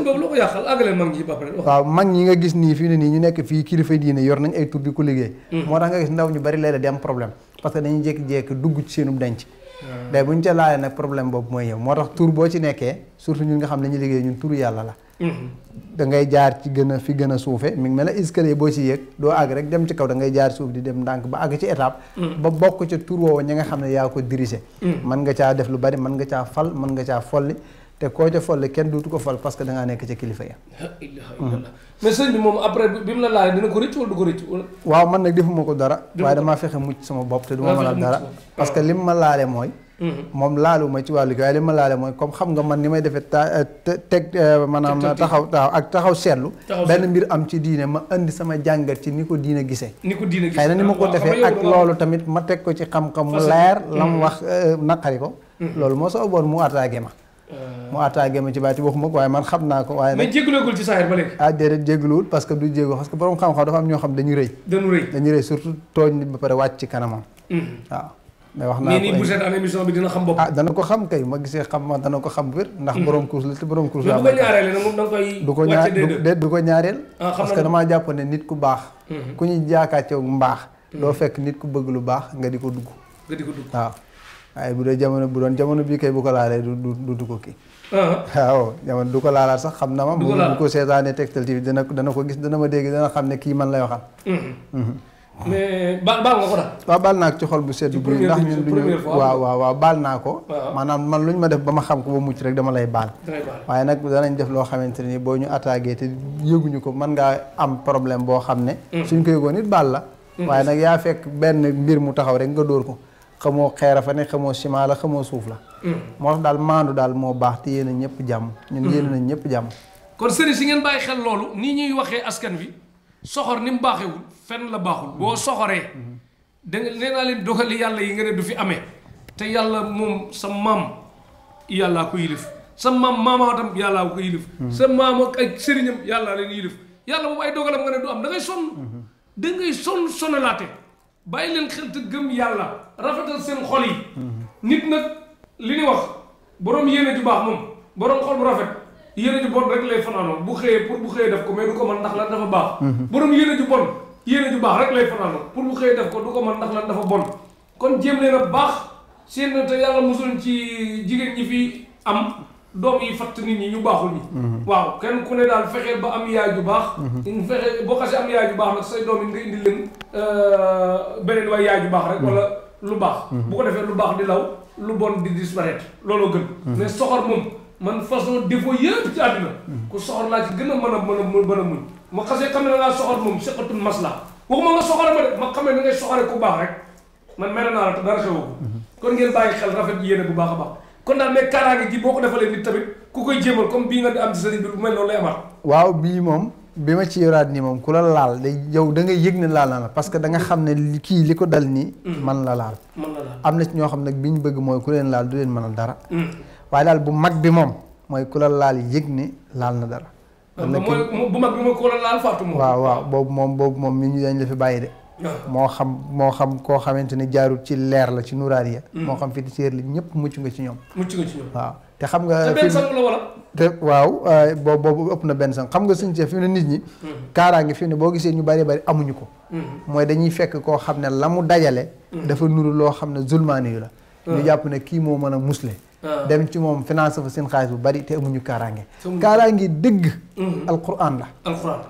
mag ñi nga gis nii fii ne nii ñu nekk fii kilifa diine yor nañ ay tur di ko liggéey hmm. moo tax nga gis ndaw ñu bari léeg-léeg di am problème parce que dañuy jékki-jékki dugg ci seenum hmm. bu ñu ca laalee nag boobu mooy ñëw moo tax tur boo ci nekkee surtout ñun nga xam ne ñu liggéey ñun tur yàlla la hmm. da jaar ci gën a fi gën a suufe mi ngi mel ne escalier boo ci yéeg doo àgg rek dem ci kaw da ngay jaar suuf di dem ndànk ba àgg ci étape ba bokk ca tur woowu ñi nga xam ne yaa ko diriger mën nga caa def lu te koo ca folle kenn duutu ko fal parce que da nekk ca kilifa ya. mais bi moom après bi mu la laajee dina ko rëcc wala du ko rëcc. waaw man nag defuma ko dara. waaye damaa fexe mucc sama bopp te du ma mën a dara. parce que li ma laale mooy. Mm-hmm. moom laaluma ci wàllu gi waaye ma laale mooy comme xam nga man ni may defee ta euh, teg euh, maanaam taxaw taxaw ak taxaw seetlu. benn mbir am ci diine ma indi sama jàngat ci ni ko diine gisee. ni gisee xëy na ni ma ko defee ak loolu tamit ma teg ko ci xam-xam mu leer. la mu mm-hmm. wax euh, naqari ko. Mm-hmm. loolu moo sa oboon mu attaqué ma Euh, mu attaqué ma ci baati waxuma ko waaye man xam naa ko waaye mais jégloogul ci saahir parce que du jéego parce que borom xam-xam dafa am ñoo xam dañu rëy dañu rëy surtout tooñ nit ba pare wàcc ci kanamam mm-hmm. waaw mais wax naa ko bi dina xam bopp ah dana ko xam kay ma gisee xam ma dana ko xam wér ndax mm-hmm. borom course la te borom course la du ko ñaareel du ko ñaareel parce damaa jàpp ne nit ku baax mm-hmm. ku ñuy jaakaar ci mbaax doo fekk nit ku bëgg lu baax nga di ko dugg waaye bu dee jamono bu doon jamono bii kay bu ko laalee du du du ko kii. Uh-huh. du ko laalaat sax xam na ma. bu ko seetaanee Tektal TV dana ko gis dana ma dégg dana xam ne kii man lay waxal. Uh-huh. Mm-hmm. mais baal baal naa ko ci xol bu sedd. bu ndax ñun du baal naa ko. Uh-huh. maanaam man lu ñu ma def ba ma xam ko ba mucc rek dama lay baal. waaye nag danañ def loo xamante ni boo ñu attaqué te yëguñu ko man ngaa am problème boo xam ne. Mm. suñ ko yëgoon it baal la. Mm. waaye nag yaa fekk benn mbir mu taxaw rek nga dóor ko. xamoo xeera fa ne xamoo ciment la xamoo suuf la. Mm. moo tax daal maandu daal moo baax te yéen a ñëpp jàmm. ñun mm. yéen nañ ñëpp jàmm. kon sëriñ si ngeen bàyyi xel loolu nii ñuy waxee askan wi soxor ni mu baaxewul fenn la baaxul boo mm-hmm. soxoree. Mm-hmm. da nga nee naa yi nga du fi amee te yàlla moom sa maam yàllaa ko yilif maam maamaatam yàllaa ko yilif. Mm-hmm. sa maam ak yàlla boobu ay dogalam nga ne du am da ngay sonn. da ngay bàyyi leen xel te gëm yàlla. rafetal seen xol yi nit nag li ñu wax boroom yéene ju baax moom boroom xol bu rafet yéene ju bon rek lay fanaanoo bu xëyee pour bu xëyee def ko mais du ko mën ndax lan dafa baax mhm. boroom yéene ju bon yéene ju baax rek lay fanaanoo pour bu xëyee def ko du ko mën ndax lan dafa bon kon jéem leen a baax seen te yàlla mosul ci jigéen ñi fi am doom yi fatt nit ñi ñu baaxul ñi mhm. waaw kenn ku ne daal fexeel ba am yaay ju baax mhm. fexe boo xasee am yaay ju baax nag say doom yi nga indi leen euh, beneen waay yaay ju baax rek wala lu baax. Mhm. bu ko defee lu baax di law lu bon di disparaître looloo gën. Mhm. mais soxor moom man façon défaut yëpp ci àdduna. Mhm. ku soxor laa ci gën a mën a mën a mën a muñ. ma xasee xam ne da ngaa soxor moom seqatul masla waxuma nga soxore ma de ma xamee da ngay soxore ku baax rek man mere naa la te dara xewoo ko. kon ngeen bàyyi xel rafet yéene bu baax a baax. kon daal mais kaaraange ji boo ko defalee nit tamit ku koy jéemal comme bii nga di am ci sëriñ bi bu mel moom bi ma ci yoraat nii moom ku la laal day yow da nga yëg ne laal na la parce que da xam ne kii li ko dal nii. Mm. man la laal. am na ci ñoo xam nag bi ñu bëgg mooy ku leen laal du leen mënal dara. Mm. waaye daal bu mag bi moom mooy ku la laal yëg ni laal na dara. Ah, bu waaw waaw boobu moom boobu moom mi ñu dañ la fi bàyyi de. moo xam moo xam koo xamante ne jaarul ci leer la ci nuraar ya mm. moo xam fi séer la ñëpp mucc nga ci ñoom. mucc nga ci waaw. te xam nga benn sang la wala. Euh, ëpp na benn sang xam nga suñ ci fi mu ne nit ñi. Mm. kaaraange fi mu ne boo gisee ñu bari bari amuñu ko. Mm. mooy dañuy fekk koo xam ne la mu dajale. dafa nuru loo xam ne zulmaani yu la. ñu jàpp ne kii moo mën a musle. dem ci moom finance fa seen xaalis bu bari te amuñu kaaraange. kaaraange dëgg. alquran la.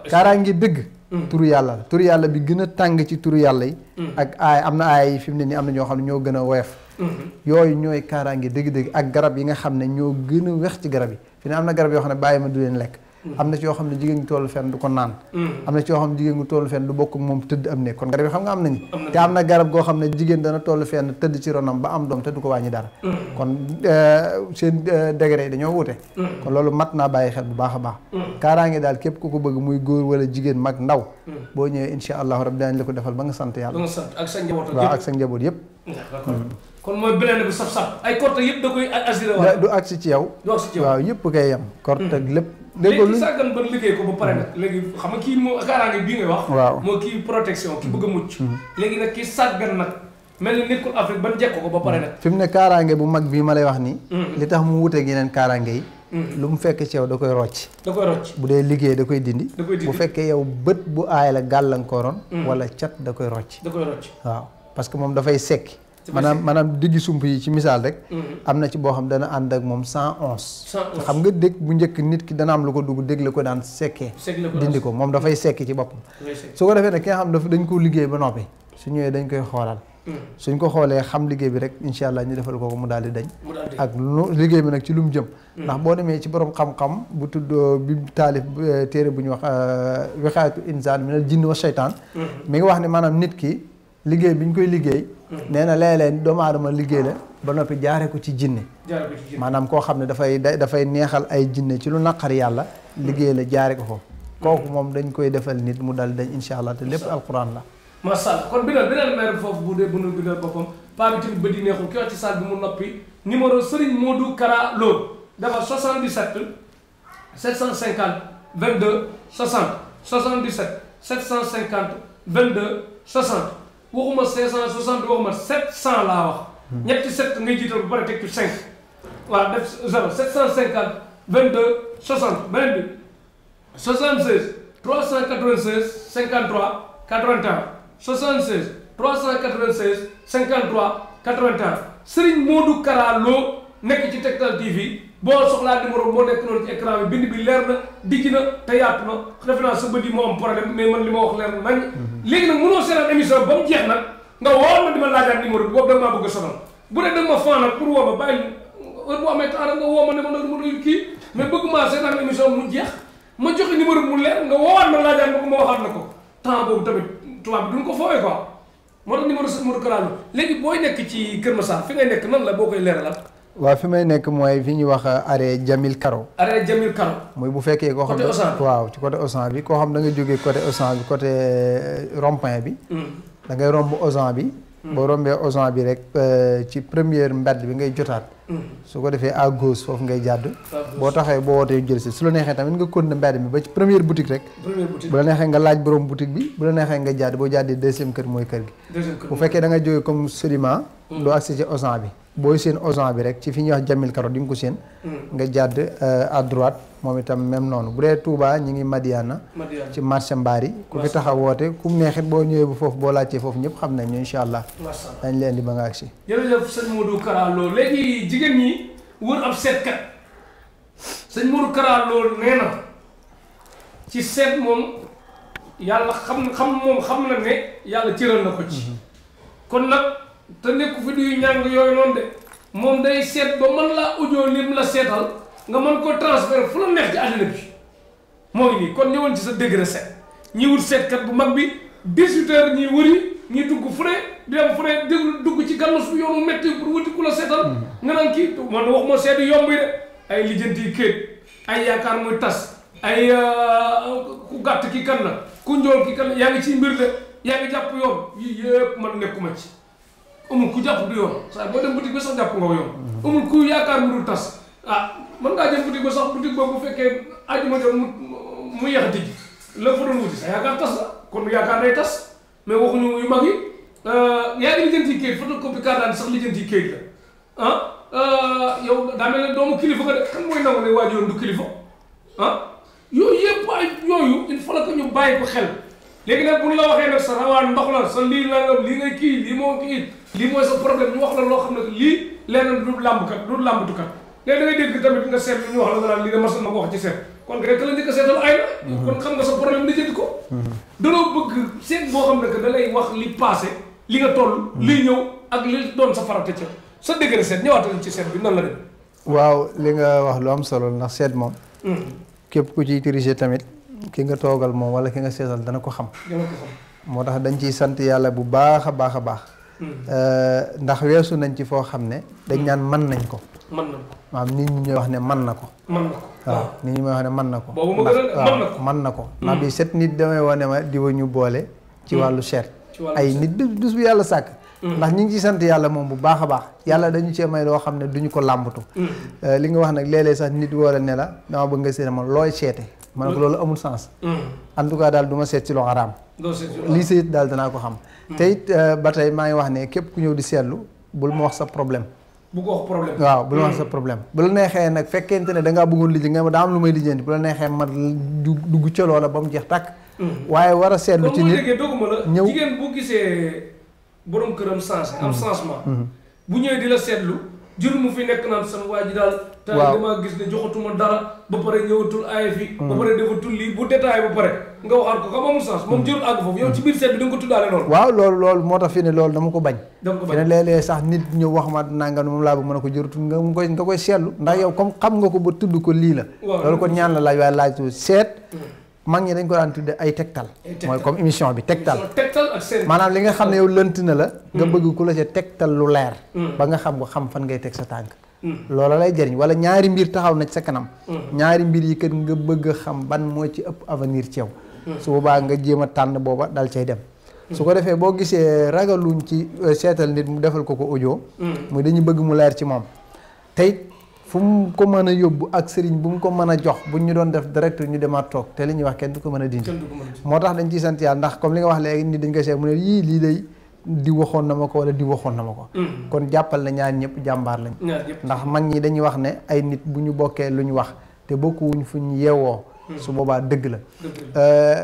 kaaraange dëgg. Mm. turu yàlla turu yàlla bi gën a tàng ci turu yàlla yi. Mm. ak aay am na aay yi fi mu ne nii am na ñoo xam ne ñoo gën a woyof. Mm-hmm. yooyu ñooy kaaraange dégg dëgg ak garab yi nga xam ne ñoo gën a wex ci garab yi fi ne am na garab yoo xam ne bàyyi ma du leen lekk. am na ci xam ne jigéen ñi toll fenn du ko naan mm. am na ci yoo xam ne jigéen ñi toll fenn du bokk moom tëdd am ne kon garab yi xam nga am nañu te am na garab goo xam ne jigéen dana toll fen tëdd ci ronam ba am doom te du ko wàññi dara mm. kon euh, seen euh, degré dañoo wute mm. kon loolu mat naa bàyyi xel bu baax a baax ngi daal képp ku ko bëgg muy góor wala jigéen mag ndaw boo ñëwee insha allahu rabbi daañu la ko defal ba nga sant yàlla waaw ak sa njaboot yëpp kon da koy assuré waaw du ci yow waaw yëpp koy yem korte lépp dégg sàggan ba liggéey ko ba pare nag hmm. léegi xam nga kii moo kaaraange bii ngay wax. moo kii protection ki bëgg a mucc. Hmm. léegi nag kii sàggan nag mel ni nekkul Afrique ban jekk ko ba pare nag. fi mu ne kaaraange bu mag bii ma lay wax nii. Hmm. li tax mu wuteeg yeneen kaaraange yi. lu mu fekk ci yow da koy rocc. da bu dee liggéey da koy dindi. bu fekkee yow bët bu aay la gàllankooroon. wala cat da koy rocc. da koy rocc waaw parce que moom dafay sekki. maanaam maanaam diggi sump yi ci misaal rek mm-hmm. am na ci boo xam dana ànd ak moom san onze xam nga dégg bu njëkk nit ki dana am lu ko dugg dégg ko daan sekkee dindi ko moom dafay mm-hmm. sekki ci boppam su ko defee nag ki nga xam dafa dañ koo liggéey ba noppi su ñëwee dañ koy xoolal mm-hmm. suñ ko xoolee xam liggéey bi rek incha allah ñu defal ko ko mu daal di dañ ak liggéey bi nag ci lu mu jëm ndax boo demee ci borom xam-xam bu tudd uh, bi taalif uh, téere bu ñu wax uh, wexaatu insaan minal jinni wa shaytaan liggéey bi ñu koy liggéey. Hmm. nee na léeg-léeg doomu liggéey la ba noppi jaare ko ci jinne maanaam koo xam ne dafay dafay neexal ay jinne ci lu naqar yàlla. Hmm. liggéey la jaare ko ko. Hmm. kooku moom dañ koy defal nit mu dal dañ incha allah te lépp alquran la. ma allah kon bindal bindal maire boppam paa bi tamit bëri neexul ki wax ci salle bi mu noppi numéro Serigne Modou Kara Lo dafa 77 750 22 60 77 750 22 60. waxuma cinq cent soixante waxuma sept cent laa wax hmm. ñetti sept ngay jiital bu pare teg ci cinq waaw def zéro sept cent vingt deux soixante beneen bi soixante seize trois cent quatre vingt seize cent quatre vingt quatre vingt un Serigne Modou Kara Lo nekk ci Tektal TV boo soxlaa numéro moo nekk noonu ci écran bind bi leer na dijj na te yaatu na defe naa sa bët yi moo am problème mais man li ma wax leer na nañ mhm. léegi nag mënoo seetaan émission ba mu jeex nag nga woo ma laajaat a sonal bu dee da nga woo ma bàyyi heure bu ma ko ma waxaat na ko temps boobu tamit tubaab duñ ko foowee quoi moo tax numéro numéro Kara Lo léegi booy nekk ci Kër Massar fi ngay nekk nan la boo koy la waaw fi may nekk mooy fi ñuy wax euh, arrêt Jamil Karo. arrêt Jamil Karo. bu fekkee koo xam ne waaw ci côté Auchan bi koo xam da nga jógee côté Auchan bi côté euh, rond-point bi. Mm. da ngay romb Auchan bi. Mm. boo rombee Auchan bi rek euh, ci première mbedd bi ngay jotaat. Mm. su ko defee à gauche foofu ngay jàdd. boo taxee boo wootee jël si su la neexee tamit ba ci première boutique rek. bu la neexee nga laaj borom boutique bi bu la neexee nga jàdd boo jàddee deuxième kër mooy kër gi. bu fekkee da nga jógee comme Sédiment. doo accès ci Auchan bi. booy seen osan bi rek ci fi ñu wax jamil karo di nga ko seen mm. nga jàdd euh, à moom itam même noonu bu dee tuubaa ñi ngi Madiana ci marché mbaari ku fi taxaw woote ku neexit boo ñëwee bu foofu boo laajtee foofu ñëpp xam nañ ñu incha allah dañ leen di ma nga agsi jërëjëf seet moom yàlla xam xam moom xam na ne yàlla cëral na ko ci mm-hmm. kon nag te nekku fi duy ñàng yooyu noonu de moom day seet ba man laa audio lim la seetal nga mën ko transfert fu la neex ci àddina bi moo ngi nii kon ñëwoon ci sa degré seet ñi wut seetkat bu mag bi 18 heures ñuy ñi dugg fu ne dem fu ne déglu dugg ci gàllas bu yoonu métti pour wuti ku la seetal mm-hmm. nga naan kii wax ma seeti yomb yi de ay lijjanti kéet ay yaakaar muy tas ay euh, ku gàtt ki kan la ku njool ki kan la yaa ngi ci mbir la yaa ngi jàpp yoon yii yëpp man nekkuma ci amul ku jàpp du yoon saa boo dem boutique ba sax jàpp nga yoon amul ku yaakaar mu dul tas ah mën ngaa jëm boutique ba sax boutique boobu bu fekkee aju ma mu mu yéex a tijji la fa doon wuti sa yaakaar kon yaakaar day tas mais waxuñu yu mag yi euh, yaa ngi lijjanti kayit photocopie carte d'identité sax lijjanti kayit la ah euh, daa mel ne doomu kilifa nga de kan mooy nangu ne waajuram du kilifa ah, yooyu yëpp ay yooyu il faut que ñu bàyyi ko xel léegi nag bu la waxee nag sa rawaan ndox la sa lii nangam kii lii moo kii lii mooy sa problème ñu wax la loo xam ne lii leneen du làmbkat du làmbatukat léegi da ngay dégg tamit nga seet ñu nga naan lii de mas na ko wax ci seet kon rek la njëkk a seetal ay na mhm. kon xam nga sa li jënd ko mhm. danoo bëgg seet boo xam ne que da lay li mhm. ñëw ak li sa farata ca sa dégré seet ñëwaatal ci seet bi nan la waaw li nga wax lu solo ndax seet moom képp ku ci utilisé tamit ki nga toogal moom wala ki nga seetal dana ko xam moo tax dañ ciy sant yàlla bu baax a baax a baax hmm. euh, ndax weesu nañ ci foo xam ne dañ naan mën hmm. nañ ko mën na ko maanaam nit ñi ñooy wax ne man na ko mën na ko man nit ñi mooy na ko man na ko ah. ndax bi set nit damay wane ma di ñu boole ci hmm. wàllu seet ay nit dus bu yàlla ñu ngi sant yàlla moom bu baax a baax yàlla dañu cee may xam ne duñu ko làmbatu euh, li nga wax nag léeg-léeg sax ne la dama ma looy seete ma ne ko loolu amul sens. Hmm. en tout cas daal du ma seet ci lu xaraam. lii sa daal danaa ko xam. Hmm. te euh, ba tey maa ngi wax ne képp ku ñëw di seetlu bul ma wax sa problème. bu ko wax problème waaw bu la wax hmm. sa problème bu la neexee nag fekkente ne da ngaa bëggoon lijjanti nga daa am lu may lijjanti bu la neexee man dugg ca loola ba mu jeex tàkk. waaye war a seetlu ci nit ñëw jigéen bu gisee borom këram changé am changement. bu ñëwee di la seetlu jur mu fi nekk naan sama waa ji daal. waaw te damaa gis ne loolu. loolu moo tax fi ne loolu dama ko bañ. dama ko fi ne léeg-léeg sax nit ñu wax ma nangam moom laa bëgg mën a ko jërutul nga koy nga koy seetlu ndax yow comme xam ko ba tudd lii la. loolu kon la laaj seet. Hmm. mag ñi dañ ko daan tudde ay tegtal mooy comme émission bi tegtal maanaam li nga xam ne yow lënt na la nga hmm. bëgg ku la ca tegtal lu leer hmm. ba nga xam nga xam fan ngay teg sa tànk loola lay jëriñ wala ñaari mbir taxaw na ci sa kanam. Mm. ñaari mbir yi kat nga bëgg xam ban moo ci ëpp avenir ci yow. ba mm. boobaa nga jéem tànn booba dal cay dem. su ko defee boo gisee ragaluñ ci euh, seetal nit mu defal ko ko audio. Mm. muy dañu bëgg mu leer ci moom. tey fu mu ko mën a yóbbu ak sëriñ bu mu ko mën a jox bu ñu doon def direct ñu demaat toog te li ñuy wax kenn du ko mën a dindi. moo tax dañ ciy sant yàlla ndax comme li nga wax léegi nit dañ koy seet di waxoon na ma ko wala di waxoon na ma ko mm-hmm. kon jàppal na ñaar ñëpp jàmbaar lañ ndax mag ñi dañuy wax ne ay nit bu ñu bokkee lu ñu wax te bokkuwuñ fu ñu yeewoo mm-hmm. su boobaa dëgg la euh,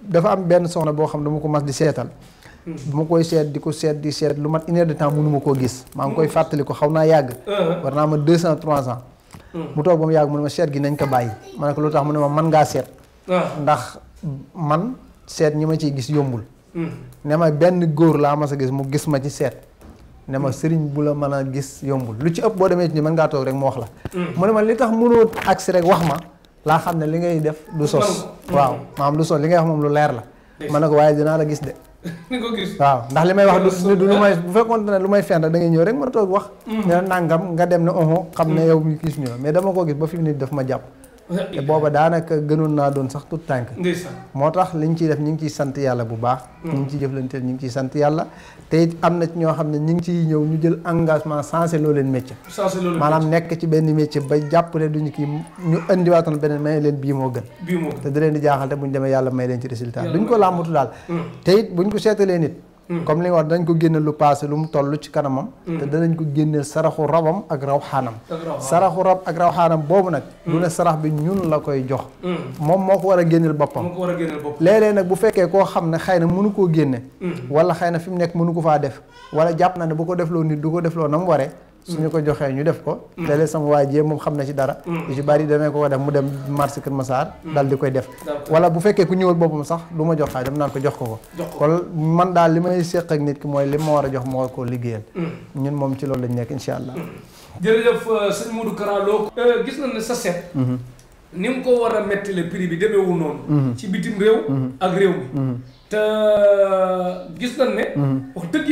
dafa am benn soxna boo xam ma ko mas di seetal bu mm-hmm. ma koy seet di ko seet di seet lu mat une heure de ma koo gis maa ngi koy fàttali ko xaw naa yàgg uh-huh. war naa ma deux cent trois ans mu toog ba mu yàgg mu ne ma seet gi nañ ko bàyyi ma ne ko lu tax mu ne ma man ngaa seet uh-huh. ndax man seet ñi ma ciy gis yombul ne ma benn góor laa ma sa gis mu gis ma ci seet ne ma sëriñ bu la mën a gis yombul lu ci ëpp boo demee ci mën ngaa toog rek mu wax la mu ne ma li tax mënoo agsi rek wax ma laa xam ne li ngay def du sos waaw maam du sos li ngay wax moom lu leer la ma ne ko waaye dinaa la gis de waaw ndax li may wax du lu bu bu fekkoon ne lu may fen da ngay ñëw rek mën a toog wax mm. ne nangam nga dem ne oho xam ne mm. yow mi gis ñu la mais dama koo gis ba fi mu daf ma jàpp te booba daanaka gënoon naa doon sax tout tànk moo tax liñ ciy def ñu ngi ci sant yàlla bu baax mm. ñu ngi ciy jëflanteel ñu ngi ciy sant yàlla te am na ñoo xam ne ñu ngi ciy ñëw ñu jël engagement sensé loo leen métier maanaam nekk ci benn métier ba jàpp ne duñu kii ñu indiwaatoon beneen may leen bii moo gën te da leen di jaaxal bu buñ demee yàlla may leen ci résultat duñ ko làmbatu daal mm. te it buñ ko seetalee nit Mm. comme li nga wax dañ ko génne lu paase lu mu toll ci kanamam mm. te danañ ko génneel saraxu rabam ak raw xaanam saraxu rab ak raw xaanam boobu nag mm. du ne sarax bi ñun la koy jox moom moo ko war a génneel boppam léeg-léeg nag bu fekkee koo xam ne xëy na mënu koo génne wala xëy na fi mu nekk mënu ko faa def wala jàpp na ne bu ko defloo nit du ko defloo na mu waree suñu ko joxee ñu def ko léeg-léeg sama waa jee moom xam na ci dara mm. yu ci bari damay ko ko def mu dem marché Kër Massar mm. dal di koy def wala bu fekkee ku ñëwal boppam sax du ma jox xaalis dama ko jox ko ko kon man daal li may séq ak nit ki mooy li ma war a jox ma war koo liggéeyal mm. ñun moom ci loolu lañ nekk insha allah jërëjëf euh, sëñ Modou Kara Lo euh, gis nañ ne sa seet mm-hmm. ni nga ko war a metti le prix bi demeewu noonu mm-hmm. ci bitim réew mm-hmm. ak réew mi te euh, gis nañ ne wax dëgg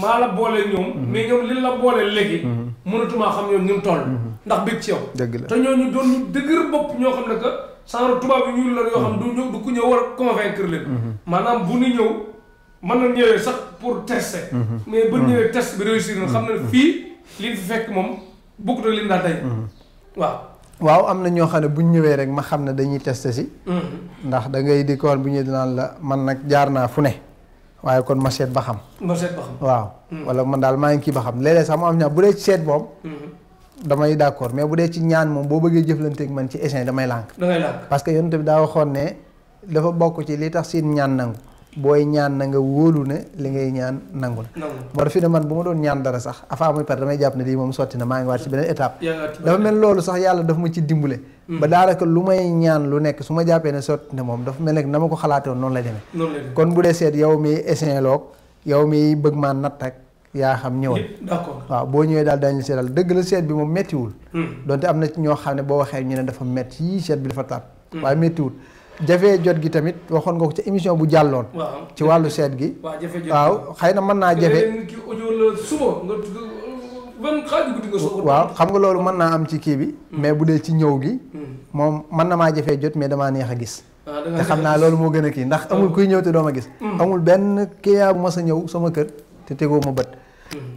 maa la boole ñoom. Mhm. mais ñoom li la boole léegi. Mhm. mënatumaa xam ñoom ñu toll. Mhm. ndax bëgg ci yow. dëgg la te ñooñu doon ñu dëgër bopp ñoo xam ne que sànq tubaab yi ñu yoo xam du du ñëw a convaincre mën na ñëwee sax pour tester. mais bu ñëwee test bi réussir na xam ne fii li fi fekk moom bokkut ak li daa waaw. am na ñoo xam ne bu ñëwee rek ma xam ne dañuy tester si. ndax da ngay di ko bu ñëwee dinaan la man nag jaar naa fu ne. waaye kon ma seet ba xam. ma seet ba xam waaw. Hmm. wala man daal maa ngi kii ba xam léeg-léeg sax mu am ñaar bu dee ci seet moom. Hmm. damay d'accord mais bu dee ci ñaan moom boo bëggee jëflanteeg man ci échange damay lànk. parce que yonent bi daa waxoon ne dafa bokk ci li tax seen ñaan nangu. booy ñaan na nga wóolu ne li ngay ñaan nangu la moo tax fi ne man bu ma doon ñaan dara sax afa muy pare damay jàpp ne lii moom sotti na maa ngi waat ci beneen étape dafa mel loolu sax yàlla ba daanaka lu may ñaan lu nekk su ma jàppee ne sotti ne moom dafa mel ne na ma ko xalaatee woon noonu la demee kon bu dee seet yow mi essin loog yow mi bëgg maa natt ak yaa xam ñëwal d'accord waaw boo ñëwee daal dañu seetal dëgg la seet bi moom méttiwul hmm. donte am na ñoo xam ne boo waxee ñu ne dafa métti yii seet bi dafa tar hmm. waaye méttiwul jafe jot gi tamit waxoon nga ko ci émission bu jàlloon ci wàllu seet gi waaw xëy na mën naa jafe suba waaw xam nga loolu mën naa am ci kii bi. Hmm. mais bu dee ci ñëw gi. Hmm. moom mën na maa jafee jot mais damaa neex a gis. Ah, te xam naa loolu moo gën a kii ndax amul ah. kuy ñëw te doo gis. Hmm. amul benn client bu ma sa ñëw sama kër te tegoo ma bët.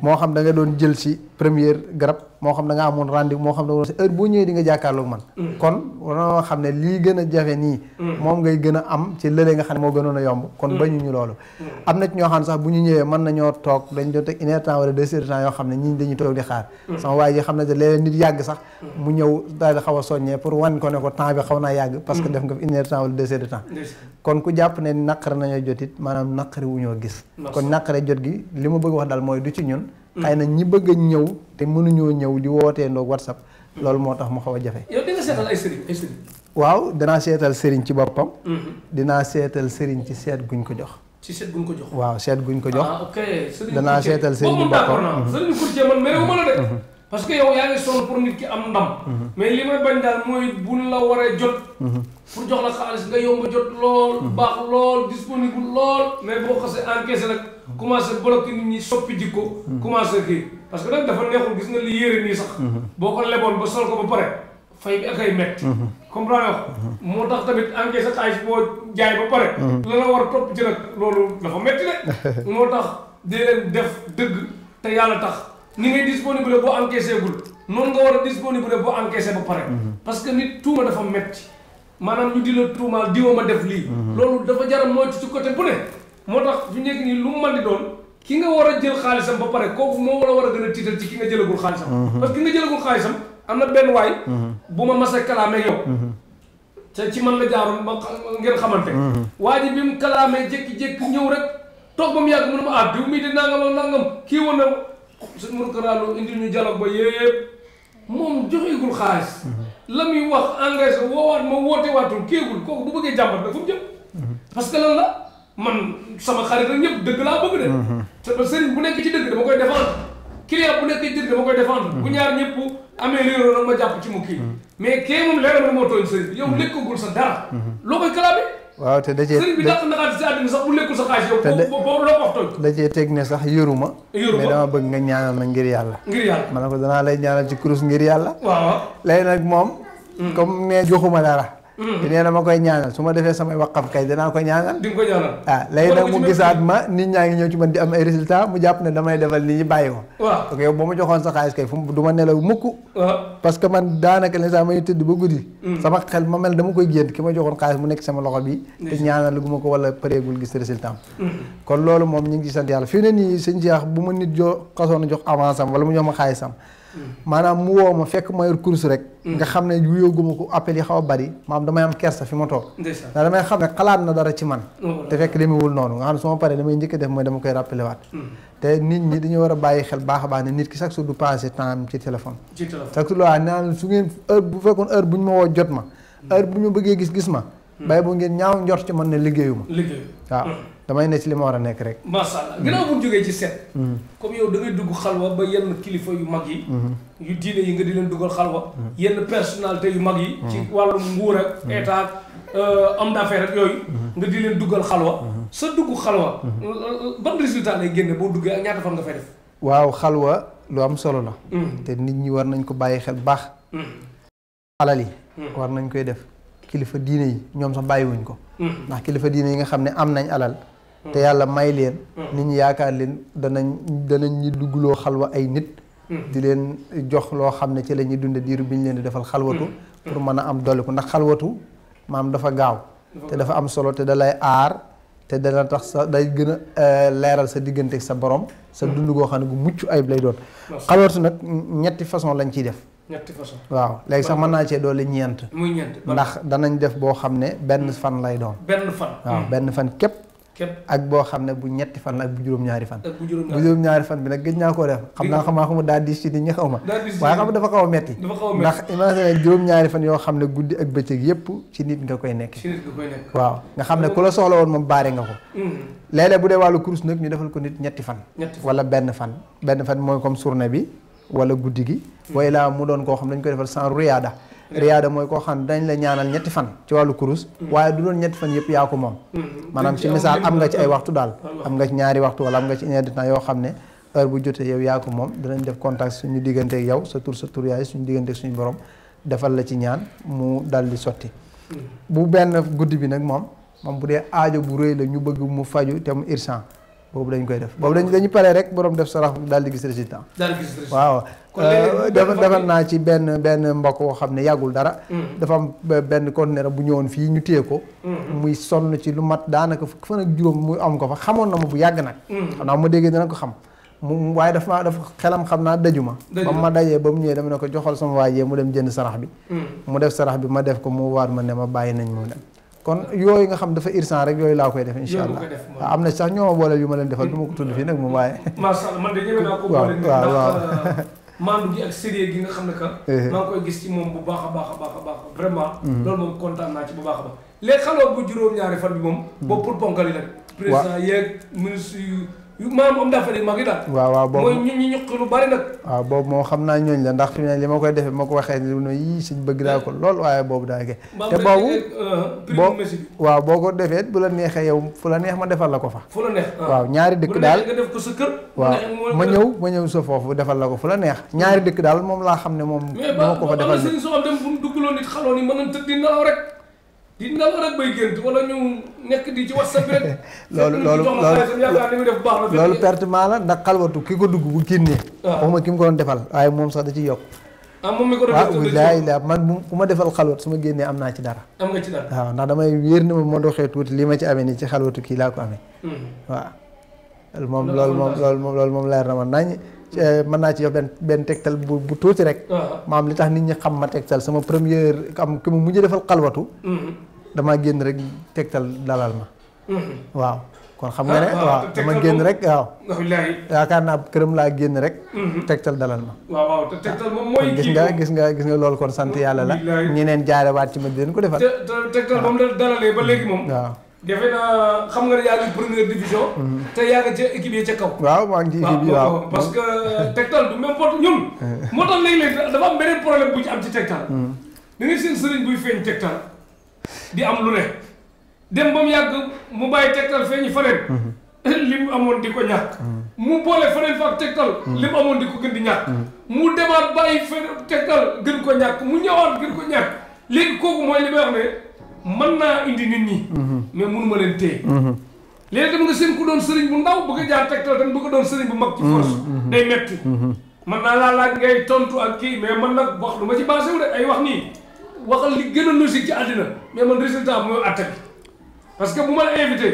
moo xam danga doon jël si première garab. moo xam da nga amoon rendez moo xam ne sa heure boo mm. xam ne lii gën a jafe nii mm. moom ngay gën a am ci lële nga xam ne moo gënoon a yomb kon mm. bañu ñu loolu am na ci ñoo xam ne sax bu ñu ñëwee mën nañoo toog dañ doon teg une temps wala deux heures temps yoo xam ne ñii dañuy toog di xaar sama waay ji xam ne te nit yàgg sax mu ñëw daal di xaw a soññee pour wan ko ne ko temps bi xaw naa yàgg parce que def nga fi une heure temps wala deux heures de temps kon ku jàpp ne naqar nañoo jotit maanaam naqari wu ñoo gis kon naqare jot gi li ma bëgg wax daal mooy du ci ñun xëy na ñi bëgg ñëw te mënuñoo ñëw di wootee ndoog whatsapp loolu moo tax mu xaw a jafe. yow waaw danaa seetal sëriñ ci boppam. Mhm. seetal sëriñ ci seet guñ ko jox. ci seet guñ ko jox. waaw seet guñ ko jox. Ah, danaa seetal sëriñ ci boppam. Mhm. sëriñ man merewu de. Mhm. parce que yaa ngi sonn pour nit ki am ndam. mais li may bañ daal mooy buñ la waree jot. pour jox la xaalis nga yow a jot lool. Hmm. baax lool disponible lool. mais boo xasee encaissé nag commencé bloqué nit ñi soppi jikko. Hmm. commencé kii parce que nag dafa neexul gis nga li yére nii hmm. boo ko leboon ba sol ko ba pare fay ay métti. comprendre nga moo tax tamit encaissé xaalis boo jaay ba pare. la war a topp ci nag loolu dafa métti de. moo tax di def dëgg te yàlla tax ni ngay disponible boo encaissé gul noonu nga war a disponible boo encaissé ba pare. parce que nit tuuma dafa metti maanaam ñu di la tuumaal diwa ma def lii. Mhm. loolu dafa jar a moytu ci côté bu ne. moo tax fi nekk nii lu mu mën di doon ki nga war a jël xaalisam ba pare kooku moo war a war a gën a tiital ci ki nga jëlagul xaalisam. Mhm. parce que ki nga jëlagul xaalisam am na benn waay. Mhm. bu ma masa kalaamee yow. sa ci man la jaaroon ma ngeen xamante. waa ji bi mu kalaamee jékki-jékki ñëw rek toog ba mu yàgg mu ne ma ah diw mii di nangam ak nangam kii woon na suñu mën ko raadu indi ñu dialogue ba yëpp moom joxeegul xaalis. la muy wax engagé woowaat ma woote waatul kéegul kooku bu bëggee jàmbat nag fu mu jëm parce que lan la man sama xarit ak ñëpp dëgg laa bëgg de te sëriñ bu nekk ci dëgg dama koy défendre client bu nekk ci dëgg dama koy défendre bu ñaar ñëpp amee réeroo nag ma jàpp ci mu kii mais kee moom leeral na moo tooñ sëriñ bi yow lékkagul sa dara loo koy kalaame waaw te da cee da cee teg ne sax yoruma. yoruma mais dama bëgg nga ñaanal ma ngir yàlla. ngir yàlla ma ne ko danaa lay ñaanal ci kurus ngir yàlla. waaw léegi nag moom. Hmm. comme nee joxuma dara. Mm-hmm. te nee na ma koy ñaanal su ma defee samay waqaf kay dinaa ko ñaanal. di ko ñaanal ah léegi nag mu gisaat ma nit ñaa ngi ñëw ci man di am ay résultat mu jàpp ne damay defal nit ñi bàyyi ko. waaw ma joxoon sa xaalis kay fu mu du ma nelaw mukk. Uh-huh. parce mm. ma mel dama ki ma joxoon xaalis mu nekk sama loxo bi. te ñaanal gu ma ko wala pareegul gis résultat am. Mm-hmm. kon loolu moom ñu ngi bu ma nit jo xasoon jox avance am mu jox ma xaalisam maanaam mu woo ma fekk ma yor course rek nga xam ne wuyóoguma ko appel yi xaw a bari maam damay am kersa fi ma toog ndax damay xam ne xalaat na dara ci man oh, te fekk demewul noonu nga xam ne su ma paree damay njëkk def mooy dama koy rappelé waat hmm. te nit ñi dañu war a bàyyi xel baax a baax ne nit ki chaque jour du passé temps am ci téléphone chaque jour waaw naan su ngeen heure bu fekkoon heure bu ñu ma woo jot ma hmm. heure bu ñu bëggee gis gis ma bay hmm. bu ngeen ñaaw damay ne ci li ma war a nekk rek. macha allah mm. ginnaaw bu jógee ci seet. Mm. comme yow da dugg xalwa ba yenn kilifa yu mag yi. Mm-hmm. yu diine yi nga di leen duggal xalwa. Mm. Euh, mm-hmm. mm-hmm. sa dugg xalwa. ban résultat lay génne boo duggee ak ñaata fan nga fay def. waaw xalwa lu am solo la. te nit ñi war nañ ko bàyyi xel baax. alal yi. war nañ koy def kilifa diine yi ñoom sax bàyyiwuñ ko. ndax kilifa diine yi nga xam ne am nañ alal. te yàlla may leen. Hmm. nit ñi yaakaar leen danañ danañ ñi duggloo xalwa ay nit. Hmm. di leen jox loo xam ne ci la ñuy dundee diiru bi ñu leen di defal xalwatu. Hmm. mën a am dolli ko ndax xalwatu maam dafa gaaw. dafa am solo te da aar te dana tax sa day gën a euh, leeral sa diggante sa borom. sa dund goo xam ne gu mucc ayib lay doon. xalwatu nag ñetti façon lañ ciy def. ñetti façon waaw léegi sax mën naa cee doole ñeent. ndax danañ def boo xam ne benn fan lay doon. benn fan waaw benn fan képp. ak boo xam ne bu ñetti fan la ak bu juróom-ñaari fan bu juróom-ñaari fan bi nag gëj naa koo def xam naa xamaa xamu daa diis ci nit ñi xaw ma waaye xam dafa xaw a metti ndax imagine juróom-ñaari fan yoo xam ne guddi ak bëccëg yépp ci nit nga koy nekk waaw nga xam ne ku la soxla woon moom baare nga ko mm-hmm. léeg bu dee wàllu kurus nag ñu defal ko nit ñetti fan wala benn fan benn fan mooy comme journée bi wala guddi gi mm-hmm. way laa mu doon koo xam ne dañ koy defal sans ruyaada riyaada mooy koo xam ne dañ la ñaanal ñetti fan ci wàllu kurus mm. waaye du doon ñetti fan yëpp yaa ko moom mm. maanaam ci mm. misaal am nga ci ay waxtu daal am nga ci ñaari waxtu wala am nga ci ñetti temps yoo xam ne heure bu jotee yow yaa ko moom danañ def contact suñu diggante ak yow sa tur sa tur yaay suñu diggante ak suñu borom defal la ci ñaan mu dal di sotti bu benn guddi bi nag moom moom bu dee aajo bu rëy la ñu bëgg mu faju te mu irsan boobu dañ koy def boobu dañ dañu paree rek borom def sarax daal di gis résultat. daal waaw. Euh, defar naa ci benn benn mbokk woo xam ne yàggul dara. Mm. dafa am benn conteneur bu ñëwoon fii ñu téye ko. Mm. muy sonn ci lu mat daanaka fukk fan ak juróom muy am ko fa xamoon na ma bu yàgg nag. Mm. xanaa ma déggee dana ko xam. mu waaye dafa maa dafa xelam xam naa daju ma ba ma dajee ba mu ñëwee dama ne ko joxal sama waajee mu dem jënd sarax bi mu def sarax bi ma def ko mu waar ma ne ma bàyyi nañ kon yooyu nga xam dafa irsan rek yooyu laa koy def incha allah am na sax ñoo ma booleel yu ma leen defal du ma ko tudd fii nag moom waaye. macha allah naa ko euh, ak sérieux gi nga xam ne que. Eh. maa ngi koy gis ci moom bu baax a baax a baax a baax vraiment. Mm. loolu moom kontaan naa ci bu baax a baax. léegi xaloo bu juróom-ñaari fan bi moom. Mm. boobu pour ponkali rek. président yeeg ministre yu maanaam am waaw waaw boobu moo xam naa ñooñu la ndax fi mu ne li ma koy defee ma ko waxee lu ne yii bëgg naa ko lool waaye boobu daa ge. te boobu eh, eh, boo waaw boo ko defee bu la neexee yow fu la neex ma defal la ko fa. Ah. waaw ñaari dëkk daal nga ma ñëw ma ñëw sa foofu defal la ko fu la neex. Mm. ñaari dëkk daal moom laa xam ne moom. moo ko fa defal mais ba am na sëriñ soo xam dem fu mu dugg loon nit xaloon yi mën na tëdd di nelaw rek loolu loolu loolu loolu pertement la ndax xalwatu ki ko dugg bu génnee. waaw ah. waxuma ki mu ko defal waaye moom sax da ci yokk. ah moom mi ah, man bu ku ma defal xalwat su ma génnee am naa ci dara. am waaw ndax damay wér ne ma ma doxee tuuti lii ma ci amee nii ci xalwatu kii laa ko amee. Hmm. waaw. loolu moom loolu moom loolu moom leer na ma nañ Euh, mën naa ci yow benn benn tegtal bu bu tuuti rek. Ah. maam li tax nit ñi xam ma tegtal sama première am ki mu mujj defal xalwatu. Mm-hmm. damaa génn rek tegtal dalal ma. Mm-hmm. waaw kon xam nga ne. Ah, ah, waaw dama génn rek waaw. yaakaar naa këram laa génn rek. Mm-hmm. tegtal dalal ma. te tegtal moom mooy gis nga gis nga gis nga loolu kon sant yàlla la. ñeneen waat ci ma di ko defal. te tegtal moom la dalalee ba léegi moom. waaw. defe naa xam nga ne yaa ngi première division. Mhm. te yaa ngi ca yi ca kaw. waaw maa ngi ci waaw parce que Tektal du même porte ñun. Mhm. moo tax léeg-léeg dafa am beneen problème bu ci am ci Tektal. Mhm. da ngay seen sëriñ buy feeñ Tektal di am lu ne dem ba mu yàgg mu bàyyi Tektal feeñi faneen. li mu amoon di ko ñàkk. mu boole faneen fa ak Tektal. li mu amoon di ko gën di ñàkk. mu demaat bàyyi feneen Tektal gën ko ñàkk mu ñëwaat gën ko ñàkk léegi kooku mooy li may man naa indi nit ñi. Mhm. mais munuma leen téye. Mhm. léegi dem nga seen ku doon sëriñ bu ndaw bëgg a jaar tegtal tam a doon sëriñ bu mag. ci force mhm. day metti mën naa laa laaj ngay tontu ak kii mais man nag wax lu ma ci basé ay wax nii waxal li gën a ci àddina mais man résultat mooy atta bi parce que bu man la invité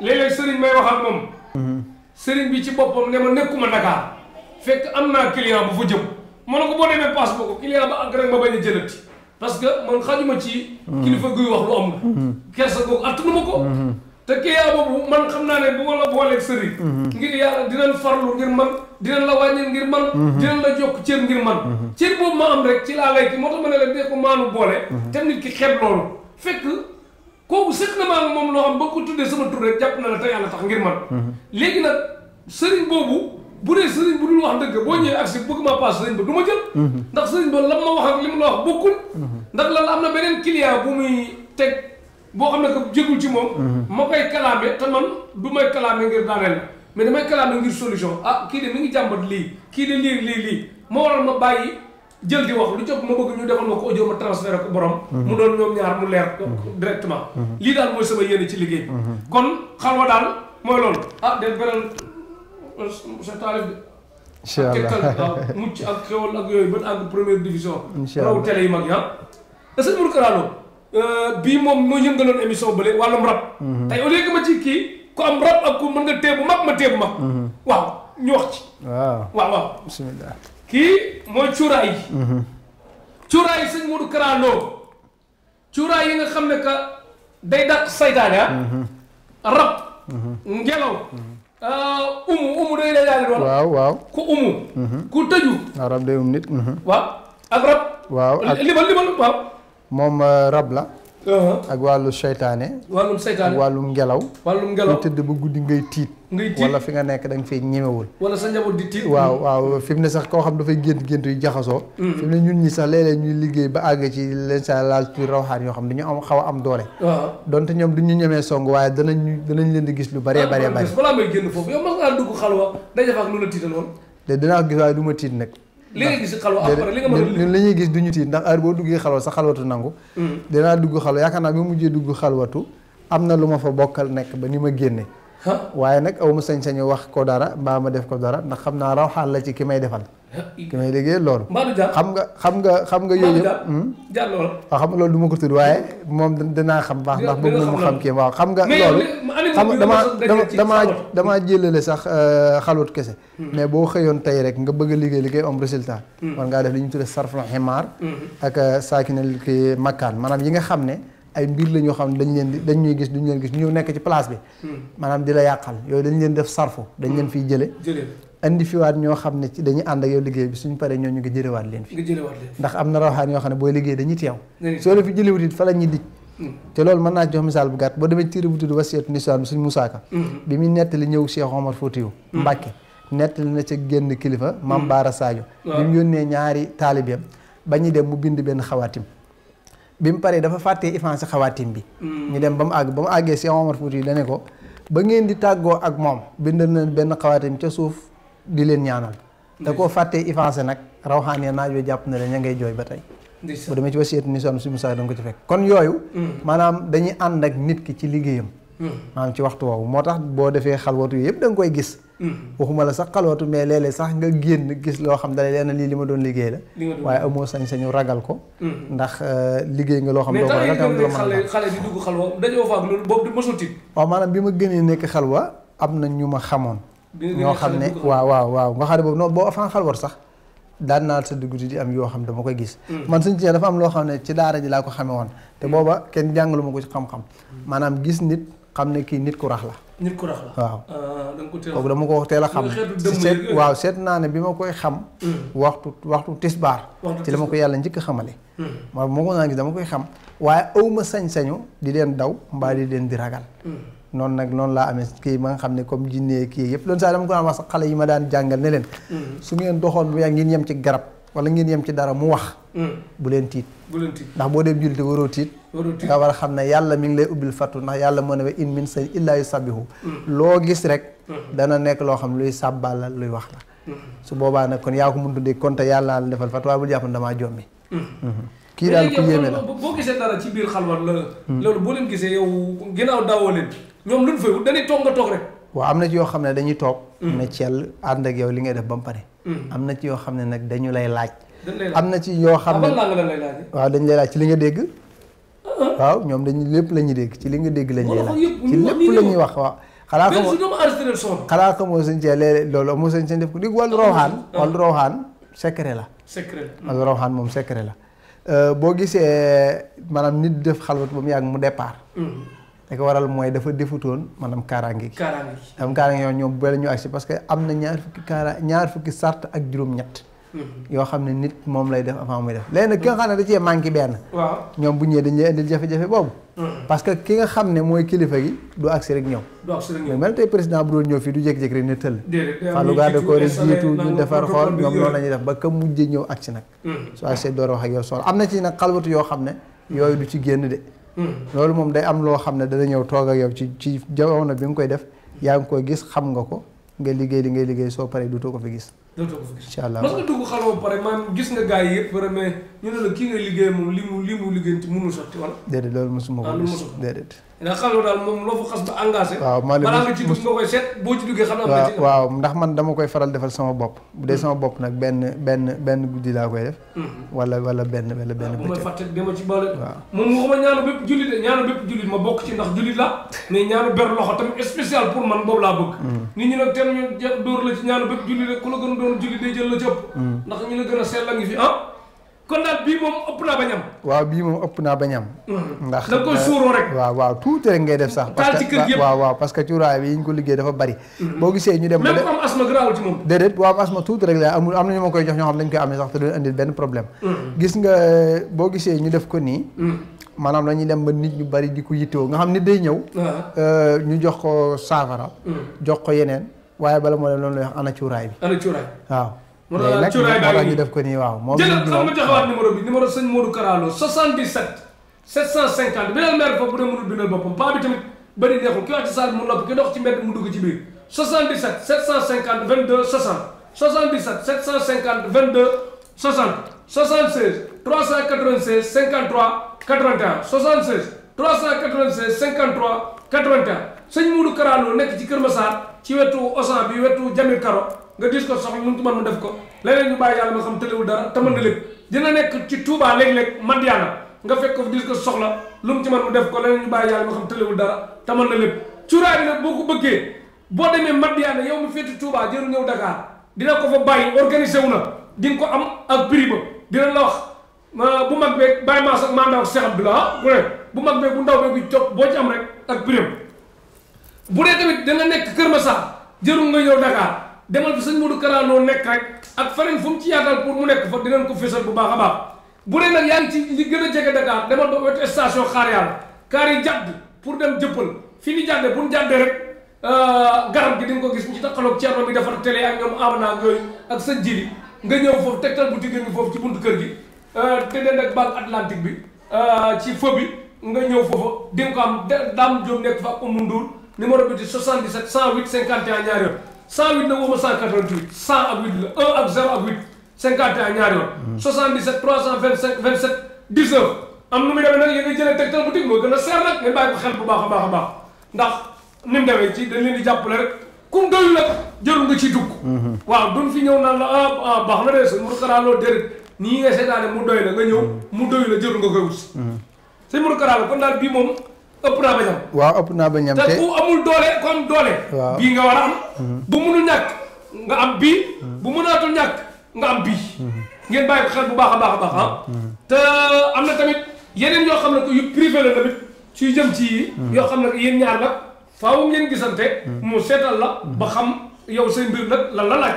léeg-léeg sëriñ may wax ak moom. sëriñ bi ci boppam ne ma nekkuma Dakar fekk am naa client bu fa jëm. ma ne ko boo demee passe boo ko client ba ak rek ma bañ a jëlati. parce que man xajuma ci. kilifa guy wax lu am. kersa googu attanu ma ko. te kii yaa boobu man xam naa ne bu wala booleeg sëriñ. ngir yàlla dinañ farlu ngir man dinañ la wàññil ngir man. dinañ la jokk cër ngir man. cër boobu ma am rek ci laa lay ki moo tax ma ne la dee ko maanu boole. te nit ki xeeb loolu fekk. kooku sëkk na maa moom loo xam ba ko tuddee sama tur rek jàpp na la te yàlla tax ngir man léegi nag sëriñ boobu bu dee sëriñ bu dul wax dëgg boo ñëwee agsi bëgg maa paas sëriñ ba du ma jël mhm. ndax sëriñ ba lan ma wax ak li mu la wax bokkul mhm. ndax lan am na beneen client bu teg boo xam ne que jégul ci moom mhm. ma koy kalaame te man du may kalaame ngir daaneel mais damay kalaame ngir solution ah kii de mi ngi jàmbat lii kii de lii lii lii ma waral ma bàyyi jël di lu jot ma ko audio ma transféré ko borom mu doon ñoom ñaar mu leer directement lii daal mooy sama yéene ci liggéey kon xalwa daal mooy loolu ah den beneen sa taalif bi. incha allah ak tegtal mucc ak xewal ak yooyu ba àgg première division. raw télé yu mag yi ah. est-ce que Mourou euh, bii moom moo yëngaloon émission bële wàllum rab. Mhm. tey au lieu ma ci ki ku am rab ak ku mën nga téye bu mag ma téye bu mag. Mhm. ñu wax ci. waaw waaw waaw. bisimilah kii mooy cuuraay yi. Mhm. cuuraay yi sëñ Mourou yi nga xam ne que day dàq saytaane ah. rab. ngelaw. Euh, umu umu day lay daal doon. waaw waaw ku umu. Mhm. ku tëju. waaw rab um nit. Mhm. waaw ak waaw li ma li ma waaw. moom euh, rab la. Uh-huh. ak wàllu seytaane. wàllum seytaane ak ngelaw. wàllum ngelaw ku tëdd ba guddi ngay tiit. ngay wala fi nga nekk da fi fay ñemewul. waaw waaw fi mu ne sax koo xam dafay gént gént yu jaxasoo. Mm. fi ne ñun ñi sax léeg ñuy liggéey ba àgg ci leen sa laal tuuti rawxaan yoo xam dañu am xaw am doole. waaw uh-huh. ñoom du ñu ñemee song waaye danañ ñu danañ leen di gis lu bëree bëree ah, bëri. balaa may génn foofu yow mas ngaa dugg xalwa daje fa ak lu la tiitaloon. de dinaa gis waaye tiit nag li nga gis xalwa ñun li ñuy gis duñu tiit ndax heure boo duggee xalwa sa xalwatu nangu mm. dinaa dugg xalwa yaakaar naa bi ma mujjee dugg xalwatu am na lu ma fa bokkal nekk ba ni ma génne waaye nag aw ma sañ-sañu wax ko dara mbaa ma def ko dara ndax xam naa raw xaal la ci ki may defal ki may liggéey loolu xam nga xam nga xam nga yooyu hmm? xam nga loolu du ma ko tudd waaye moom dinaa xam baax ndax bëgg mu xam kii waaw xam nga loolu xam damaa damaa jëlale sax euh, xalut kese hmm. mais boo xëyoon tey rek nga bëgg liggéey liggéey am résultat hmm. war ngaa def li ñu tuddee sarful ximaar ak euh, saakinal ki makkaan maanaam yi nga xam ne ay mbir la ñoo xam ne dañ leen di dañ ñuy gis duñ leen gis ñu nekk ci place bi hmm. maanaam di la yàqal yooyu dañ leen def sarfu dañ leen hmm. fiy jële indi fiwaat ñoo xam ne ci dañuy ànd ak yow liggéey bi suñ paree ñoo ñu nga jëlewaat leen fi ndax am na rawaxaan yoo xam ne booy liggéey dañuy teew soo la fi jëlewut it fa la ñuy dij hmm. te loolu mën naa jox misaal bu gàtt boo demee tiir bu tudd wasiyatu nisaan suñ Musaa bi muy nettali ñëw Cheikh Omar Foutiyou Mbàkke nettali bi mu paree dafa fàttee ifan si xawaatim bi mm. ñu dem ba mu àgg ba mu àggee si Omar Fouti dane ko ba ngeen di tàggoo ak moom bind na benn xawaatim ca suuf di leen ñaanal da koo fàttee ifancé nag rawxaane naaj wa jàpp na leen ña ngay jooy ba tey bu demee ci wasiyatu ni son si Musaa da nga ko ci fekk kon yooyu mm. maanaam dañuy ànd ak nit ki ci liggéeyam maanaam ci waxtu woowu moo tax boo defee xalwatu yi yëpp da koy gis mm. waxuma la sax xalwatu mais léeg-léeg sax nga génn gis loo xam dala leena lii li ma doon liggéey la waaye amoo sañ-sañu ragal ko mm. ndax euh, liggéey nga loo xam doo ko ragal tam du la mën a xale bi ma gënee nekk xalwa am na ñu ma xamoon ñoo xam ne waaw waaw waaw nga xam ne boobu noonu boo afaan xalwat naa sa dugg di am yoo xam dama koy gis mm. man suñ cee dafa am loo xam ne ci daara ji laa ko xame woon te booba kenn jàngalu ma ko ci xam-xam maanaam gis nit xam ne kii nit ku rax la. nit ku rax la waaw. Ah, kooku dama ko teel a xam. seet waaw seet naa ne bi ma koy xam. Mm. waxtu waxtu tisbaar. ci la ma ko yàlla njëkk a xamale. Mm. ma moo ko naa gis dama koy xam waaye aw ma sañ-sañu di leen daw mbaa di mm. leen di ragal. noonu nag noonu laa amee kii ma nga xam ne comme jinne kii yëpp loolu saa dama ko daan wax xale yi ma daan jàngal ne leen. su ngeen doxoon bu yàgg ngeen ci garab. wala ngeen yem ci dara mu wax. Hmm. bu leen tiit. ndax boo dem jullit waroo tiit. waroo tiit nga war a xam ne yàlla mi ngi lay ubbil fattu ndax yàlla moo ne wa in min say hmm. loo gis rek. Hmm. dana nekk loo xam luy sàbbaal la luy wax la. su boobaa nag kon yaa ko mun tuddee konte yàlla la defal fattu waaye bul jàpp ne damaa jommi. kii daal ku yéeme la boo gisee dara ci biir xalwat la. loolu boo leen gisee yow ginnaaw daawoo leen ñoom luñ fay wut dañuy toog nga toog rek. waaw am na ci yoo xam ne dañuy toog. ne ceel ànd ak li ngay def ba pare Hmm. am na ci yoo xam ne nag dañu lay laaj. am na ci yoo xam ne waaw dañu lay laaj ci li nga dégg. Uh-huh. waaw ñoom dañu lépp lañuy dégg ci li nga dégg lañ laaj ci lépp la ñuy wax waaw. xalaa xamoo xanaa xamoo suñ cee léeg-léeg loolu moo sañ cee def ko dig wàllu rawxaan wàllu ah. rawxaan secret la wàllu rawxaan moom secret la euh, boo gisee maanaam nit def xalwat ba mu yàgg mu départ hmm. li waral mooy dafa defutoon maanaam kaaraange gi am kaaraange yoon ñoom bële ñu agsi parce que am na ñaar fukki kaara ñaar fukki sart ak juróom-ñett mhm. yoo xam ne nit moom lay def avant muy def léegi nag ki nga xam ne da benn waaw ñoom bu ñëwee dañ lay indil jafe-jafe boobu mhm. parce que nga xam ne mooy kilifa gi du agsi rek ñëw mais mel bu doon ñëw fii du jékki-jékki rek ne ñu xool la ñuy def ba ka mujj ñëw agsi nag mhm. su agsee door wax ak yow soxla am na ci nag xalwatu yoo xam ne yooyu du ci génn de Hmm. loolu moom day am loo xam ne dana ñëw toog a yow ci ci jamono bi nga koy def yaa ngi koy gis xam nga ko nga liggéey li nga liggéey soo paree dootoo ko fi gis. dootoo ko fi gis incha allah. mos nga dugg xalwa ba pare man gis nga gars yi yëpp vraiment ñu ne la kii ngay liggéey moom li mu li mu liggéey ci mënul sotti wala. déedéet loolu mosuma ko ah, gis déedéet. ndax xam nga daal moom loo fa xas ba engagé. waaw maa leen balaa nga ci dugg nga koy seet boo ci duggee xam naa. waaw waaw ndax man dama koy faral defal sama bopp. bu dee hmm. sama bopp nag benn benn benn guddi laa koy def. Hmm. wala wala benn wala benn. bëccëg waaw bu may fàttali dama ci boole. waaw moom waxuma ñaanu bépp jullit de ñaanu bépp jullit ma bokk ci ndax jullit la mais ñaanu ber loxo tamit spécial pour man boobu laa bëgg. Hmm. nit ñi nag teel ñu dóor la ci ñaanu bépp jullit de ku la gën doon jullit day jël la ci ëpp. ndax ñu la gën a sell a ngi fi ah kon daal bii moom ëpp naa bañ am. waaw bii moom ëpp naa bañ am. Mhm. ndax da koy euh, suuroo rek. waaw waaw tuuti rek ngay def sax. waaw waaw parce que cuuraay bi yi ñu ko liggéey dafa bari. Mhm. boo gisee ñu dem ba. même am asma garaawul ci am amul am na ñu koy jox ñoo dañ koy amee sax te duñ indil mhm. gis nga euh, boo gisee ñu def ko nii. maanaam dañuy dem ba nit ñu bari di ko yittewoo nga xam nit day ñëw. Ah. Euh, ñu jox ko saafara. jox ko yeneen waaye bala moo dem loolu lay wax ana cuuraay bi. ana cuuraay waaw léegi nag moo tax ñu def ko nii waaw moom jël xam ma joxewaat numéro bi numéro sëñ Modou Karalo 77 750 beneen maire foofu bu dee mënul bindal boppam paa bi tamit bëri neexul ki wax ci saal mu nopp ki dox ci mbedd mu dugg ci biir 77 750 22 60 77 750 22 60 76 396 53 81 76 396 53 81 sëñ Modou Karalo nekk ci Kër Massar ci wetu Osan bi wetu Jamil Karo nga dis ko soxla lu mu mën mu def ko leen ñu bàyyi yàlla nga xam tëlewul dara te na lépp dina nekk ci Touba léeg-léeg Madiana nga fekk ko dis ko soxla lu mu ci man mu def ko leneen ñu bàyyi yàlla nga xam tëlewul dara te mën na lépp cuuraay bi nag boo ko bëggee boo demee Madiana yow mi féeti Touba jëru ñëw Dakar dina ko fa bàyyi organisé wu na di nga ko am ak prix ba dina la wax bu mag bee bàyyi maas ak maandaw seexam bi la ah bu ne bu mag beeg bu ndaw boo ci am rek ak prix bu dee tamit dana nekk Kër Massar jëru nga ñëw Dakar demal fi sëñ Modou Kara Lo nekk rek ak feneen fu mu ci yaatal pour mu nekk fa dinañ ko fésal bu baax a baax bu dee nag yaa ngi ci li gën a jege Dakar demal ba wetu station xaar yàlla kaar pour dem jëppal fi ñu jàddee bu ñu jàddee rek euh, garab gi di nga ko gis ñu ci taxaloog Thierno bi defar télé ak ñoom Amna ak yooyu ak sa jili nga ñëw foofu tegtal boutique ngi foofu ci buntu kër gi euh, te dend ak banque atlantique bi euh, ci fo bi nga ñëw foofa di nga ko am daam Diop nekk fa ak 108 la woo ma 188 100 ak 8 la 1 ak 0 ak 8 51 ñaari yoon. 77 325 27 19. am nu muy demee nag yéen a jëlee tegtal bu tig moo gën a seer nag ngeen bàyyi ko xel bu baax baax baax ndax ni mu demee ci dañ leen di jàppale rek kum doyul nag jëru nga ci dugg. Mm-hmm. waaw duñ fi ñëw naan la ah, ah, baax na de sëñ Mourkara loo déedéet nii nga seetaane mu doy nga ñëw mm. mu doyul la jëru nga koy wut. Mm. sëñ Mourkara la kon ëpp naa ba ñam. waaw ëpp naa ba ñam te ku amul doole ku am doole. waaw bii nga war a am. Mhm. bu munul ñàkk nga am bii. Mhm. bu mënaatul ñàkk nga am bii. Mhm. ngeen bàyyi ko xel bu baax a baax a baax ah. te am na tamit yeneen yoo xam ne que yu privé la tamit suy jëm ci yi yoo xam ne que yéen ñaar nag faaw ngeen gisante. mu seetal la ba xam yow say mbir nag lan la laaj.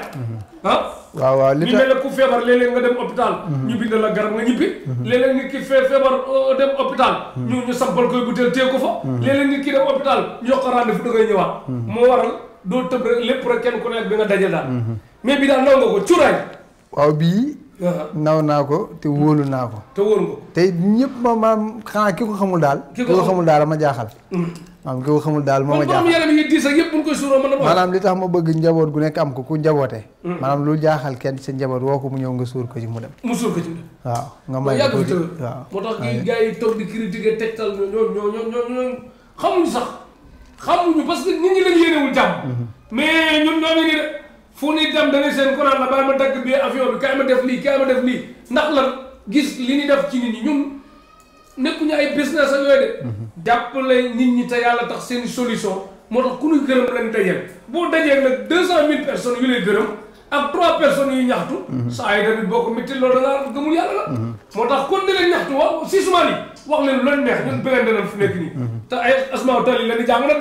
ah. waaw waaw li mel ne ku feebar léeg-léeg nga dem hôpital. ñu bind la garab nga ñibbi. Mhm. léeg-léeg ki feebar euh, dem hôpital. Mhm. ñu sampal koy butéel téye ko fa. Mhm. léeg-léeg nit ki dem hôpital ñu yokk rendez-vous dangay ñëwaat. moo waral doo tëb lépp rek kenn ku nekk bi nga daal. mais bi daal naw nga ko cuuraay. waaw bii. naw naa ko te wóolu naa ko. te wóolu nga ko. te ñëpp ma maam xanaa ki xamul daal. ki xamul daal ma jaaxal. maanaam ko xamul daal moo ma jaaxal borom yaram yi diis ak yëpp buñ koy suuroo mën na maanaam li tax ma bëgg njaboot gu nekk am ko ku njaboote hmm. maanaam lu jaaxal kenn sa njaboot woo ko mu ñëw nga suur ko ci mu dem mu suur ko ci mu dem waaw nga may yàgg fi tëw waaw moo tax gars yi toog di critiquer tegtal ñoo ñoo ñoo ñoo ñoo xamuñu sax xamuñu parce que nit ñi lañ yéenewul jàmm mhm. mais ñun ñoo ngi de fu ni dem dañuy seen courant la bàyyi ma dagg bi avion bi kaay ma def lii kaay ma def lii ndax lan gis li ñu def ci nit ñi ñun nekkuñu ay business ak yooyu de mhm. jàppale nit ñi te yàlla tax seen solution moo tax ku ñu gërëm leen dajeel boo dajeel nag deux cent mille personnes yu lay gërëm ak trois personnes yu ñaxtu. Mhm. saa yi tamit boo ko métti loolu da ngaa gëmul yàlla la. Mhm. moo tax kon di leen ñaxtu wax si sumaan yi wax leen loolu neex ñun bëgg na leen fu nekk nii. Mhm. te ay asmaaw taalib la ñu jàng nag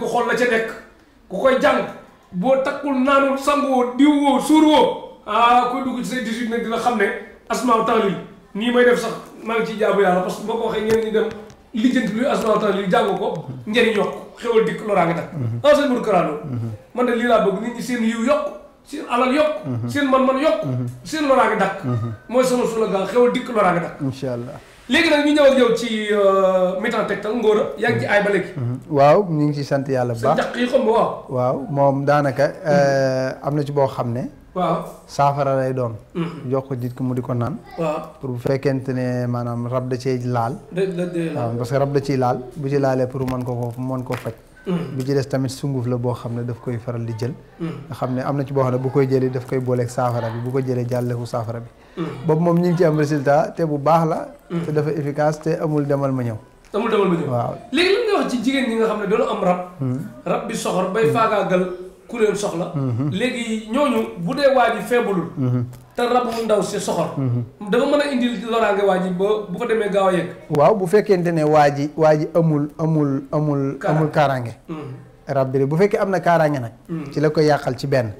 ko xool la ca nekk ku koy jàng boo takkul naanul sangoo diw woo suur woo ah kuy dugg ci say 18 nag dina xam ne asmaaw taalib nii may def sax. maa ngi ciy jaabu yàlla parce que boo ko waxee ñeneen ñi dem lijjanti luy asalaamaaleykum taala jàng ko njëriñ yokk xewal dikk loraa nga tak en mhm. seen mur karaalo mhm. man de lii laa bëgg mhm. mooy sama slogan xewal dikk loraa nga dakk ñu ñëw yow ci euh, mi-temps Tektal Ngora yaa ngi ci aay ba léegi waaw ñu ngi ci sant yàlla baax sa njaq yi xam waaw waaw moom daanaka euh, am na ci boo xam ne waaw saafara lay doon. jox ko nit ki mu di ko naan. pour bu fekkente ne maanaam rab da cee laal. waaw parce que rab da ciy laal bu ci laalee pour mën ko ko mën koo faj. Mm. bi ci des tamit sunguf la boo xam ne daf koy faral di jël. Mm. nga xam ne am na ci boo xam ne bu koy jëlee daf koy booleek saafara bi bu ko jëlee jàlleku saafara bi. Mm. boobu moom ñu ngi ci am résultat te bu baax la. te dafa efficace te amul demal ma ñëw. amul demal ma ñëw ku leen soxla. Mhm. léegi ñooñu bu dee waa ji feebulul. Mhm. te rabu ndaw si soxor. Mhm. dafa mën a indil loraange waa ji bu fa demee gaaw a yegg. waaw bu fekkente ne waa ji waa ji amul amul amul. amul kaaraange. rab bi bu fekkee am na kaaraange nag. ci la ko yàqal ci benn.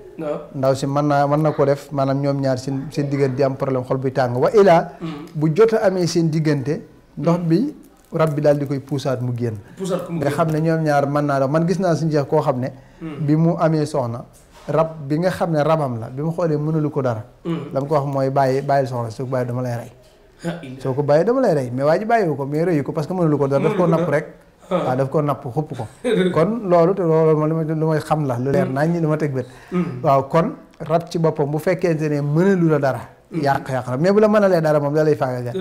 ndaw si mën naa mën na ko def maanaam ñoom ñaar seen seen diggante di am problème xol buy tàng wa ilaa bu jot a amee seen diggante ndox bi. rab bi daal di koy puusaat mu génn nga xam ne ñoom ñaar mën naa la man gis naa suñu jeex koo xam ne hmm. bi mu amee soxna rab bi nga xam ne rabam la bi mu xoolee mënulu ko dara hmm. ko wax mooy bàyyi bàyyil soxna soo ko bàyyi dama lay rey soo ko bàyyi dama lay rey mais waa ji bàyyiwu ko mais rëyu ko parce que mënulu ko dara daf koo napp rek ah. waaw daf ko napp xupp ko kon loolu te loolu ma lu may xam la lu leer hmm. naa ñi lu ma teg bët waaw kon rab ci boppam bu fekkente ne mënulu la dara yàq-yàq la mais bu la mënalee dara moom da lay faagal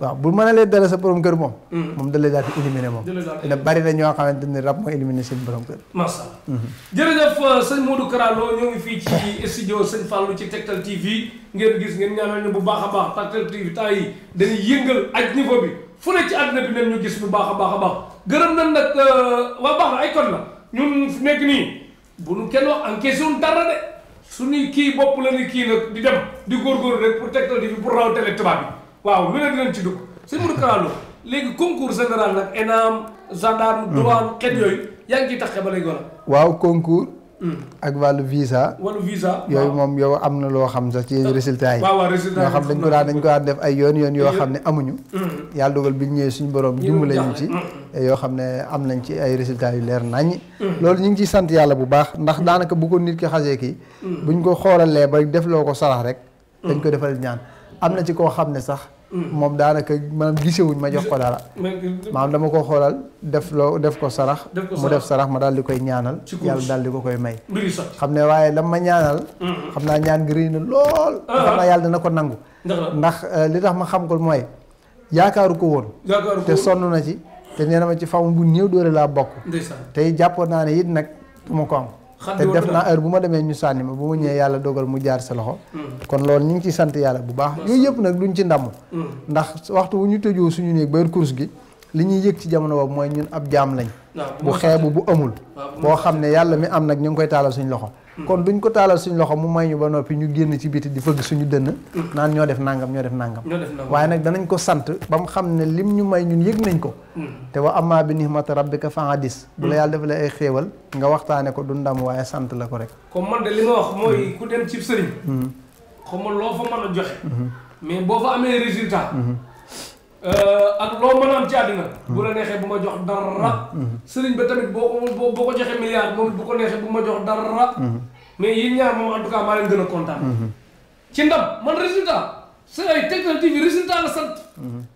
waaw bu mënalee dara sa borom kër moom mm. moom da lay daal di éliminer moom dina bari na ñoo xamante ni rab moo éliminer seen borom kër masha Allah mm-hmm. jërëjëf euh, sëñ Modou Kara Lo ñoo ngi fii ci studio sëñ Fallou ci Tektal TV ngeen gis ngeen ñaanal ñu bu baax a baax Tektal TV temps yi dañuy yëngal ak niveau bi fu ne ci àdduna bi nen ñu gis bu baax a baax a baax gërëm nañ nag euh, waa baax la ay kon la ñun nekk nii bu ñu kenn wax en question dara de suñuy kii bopp la ni kii nag di dem di góorgóorlu rek pour tegtal di fi pour raw télé tubaab bi waaw lu ne dinañ ci dugg sëñ Modou Kara Lo léegi concours général nag ENAM gendarme douane xet yooyu yaa ngi ciy tax ba léegi wala waaw concours Mm. ak wàllu visa. wàllu yooyu moom yow am na loo xam sax ci yéen résultat yi. waaw résultat yoo xam dañ ko daan dañ ko daan def ay yoon yoon yoo xam ne amuñu. Mm. yàlla dogal bi ñëwee suñu borom dimbale ñu ci. Mm. yoo xam ne am nañ ci ay résultats yu leer naññi. loolu ñu ngi ciy sant yàlla bu baax ndax daanaka bu ko nit ki xasee kii. buñ ko xoolalee ba def loo ko sarax rek. dañ ko defal ñaan am na ci koo xam ne sax. Mm. moom daanaka maanaam gisewuñ ma jox ko dara. maanaam dama ko xoolal def loo def ko sarax. mu def sarax ma daal di koy ñaanal. yàlla daal di ko koy may. xam ne waaye lam ma ñaanal. Mm. xam naa ñaan gi rëy na lool. Ah. xam ko nangu. Euh, li tax ma xam ko mooy yaakaaru ko woon. te sonn na ci. te nee na ma ci famu bu néew doole laa bokk. tey jàppoon naa ne it nag ko am. te def naa heure bu ma demee ñu sànni ma bu ma ñëwee yàlla dogal mu jaar sa loxo hmm. kon loolu ñu ngi ci sant yàlla bu baax yooyu yëpp nag duñ ci ndamu hmm. ndax waxtu wu ñu tëjoo suñu néeg ba course gi li ñuy yëg ci jamono boobu mooy ñun ab jaam lañ bu xeebu bu amul boo xam ne yàlla mi am nag ñu ngi koy taalal suñ loxo kon duñ ko taalal suñu loxo mu may ñu ba noppi ñu génn ci biti di fëgg suñu dënn naan ñoo def nangam ñoo def nangam waaye nag danañ ko sant ba mu xam ne lim ñu may ñun yëg nañ ko hmm. te wa amaa bi nihmati rabbika fa hadis bu la hmm. yàlla dafa ay xéewal nga waxtaane ko du ndam waaye sant la ko rek comme man de li ma wax mooy hmm. ku dem cib sëriñ xam loo fa mën a joxe mais boo fa amee résultat Euh, ak loo mën a am ci àddina hmm. bu la neexee bu ma jox dara. Hmm. Hmm. sëriñ ba tamit boo ko boo ko joxee milliard moom bu ko neexee bu ma jox dara. mais yéen ñaar moom en tout cas maa leen gën a kontaan. ci ndam man résultat sa ay Tektal TV résultat la sant.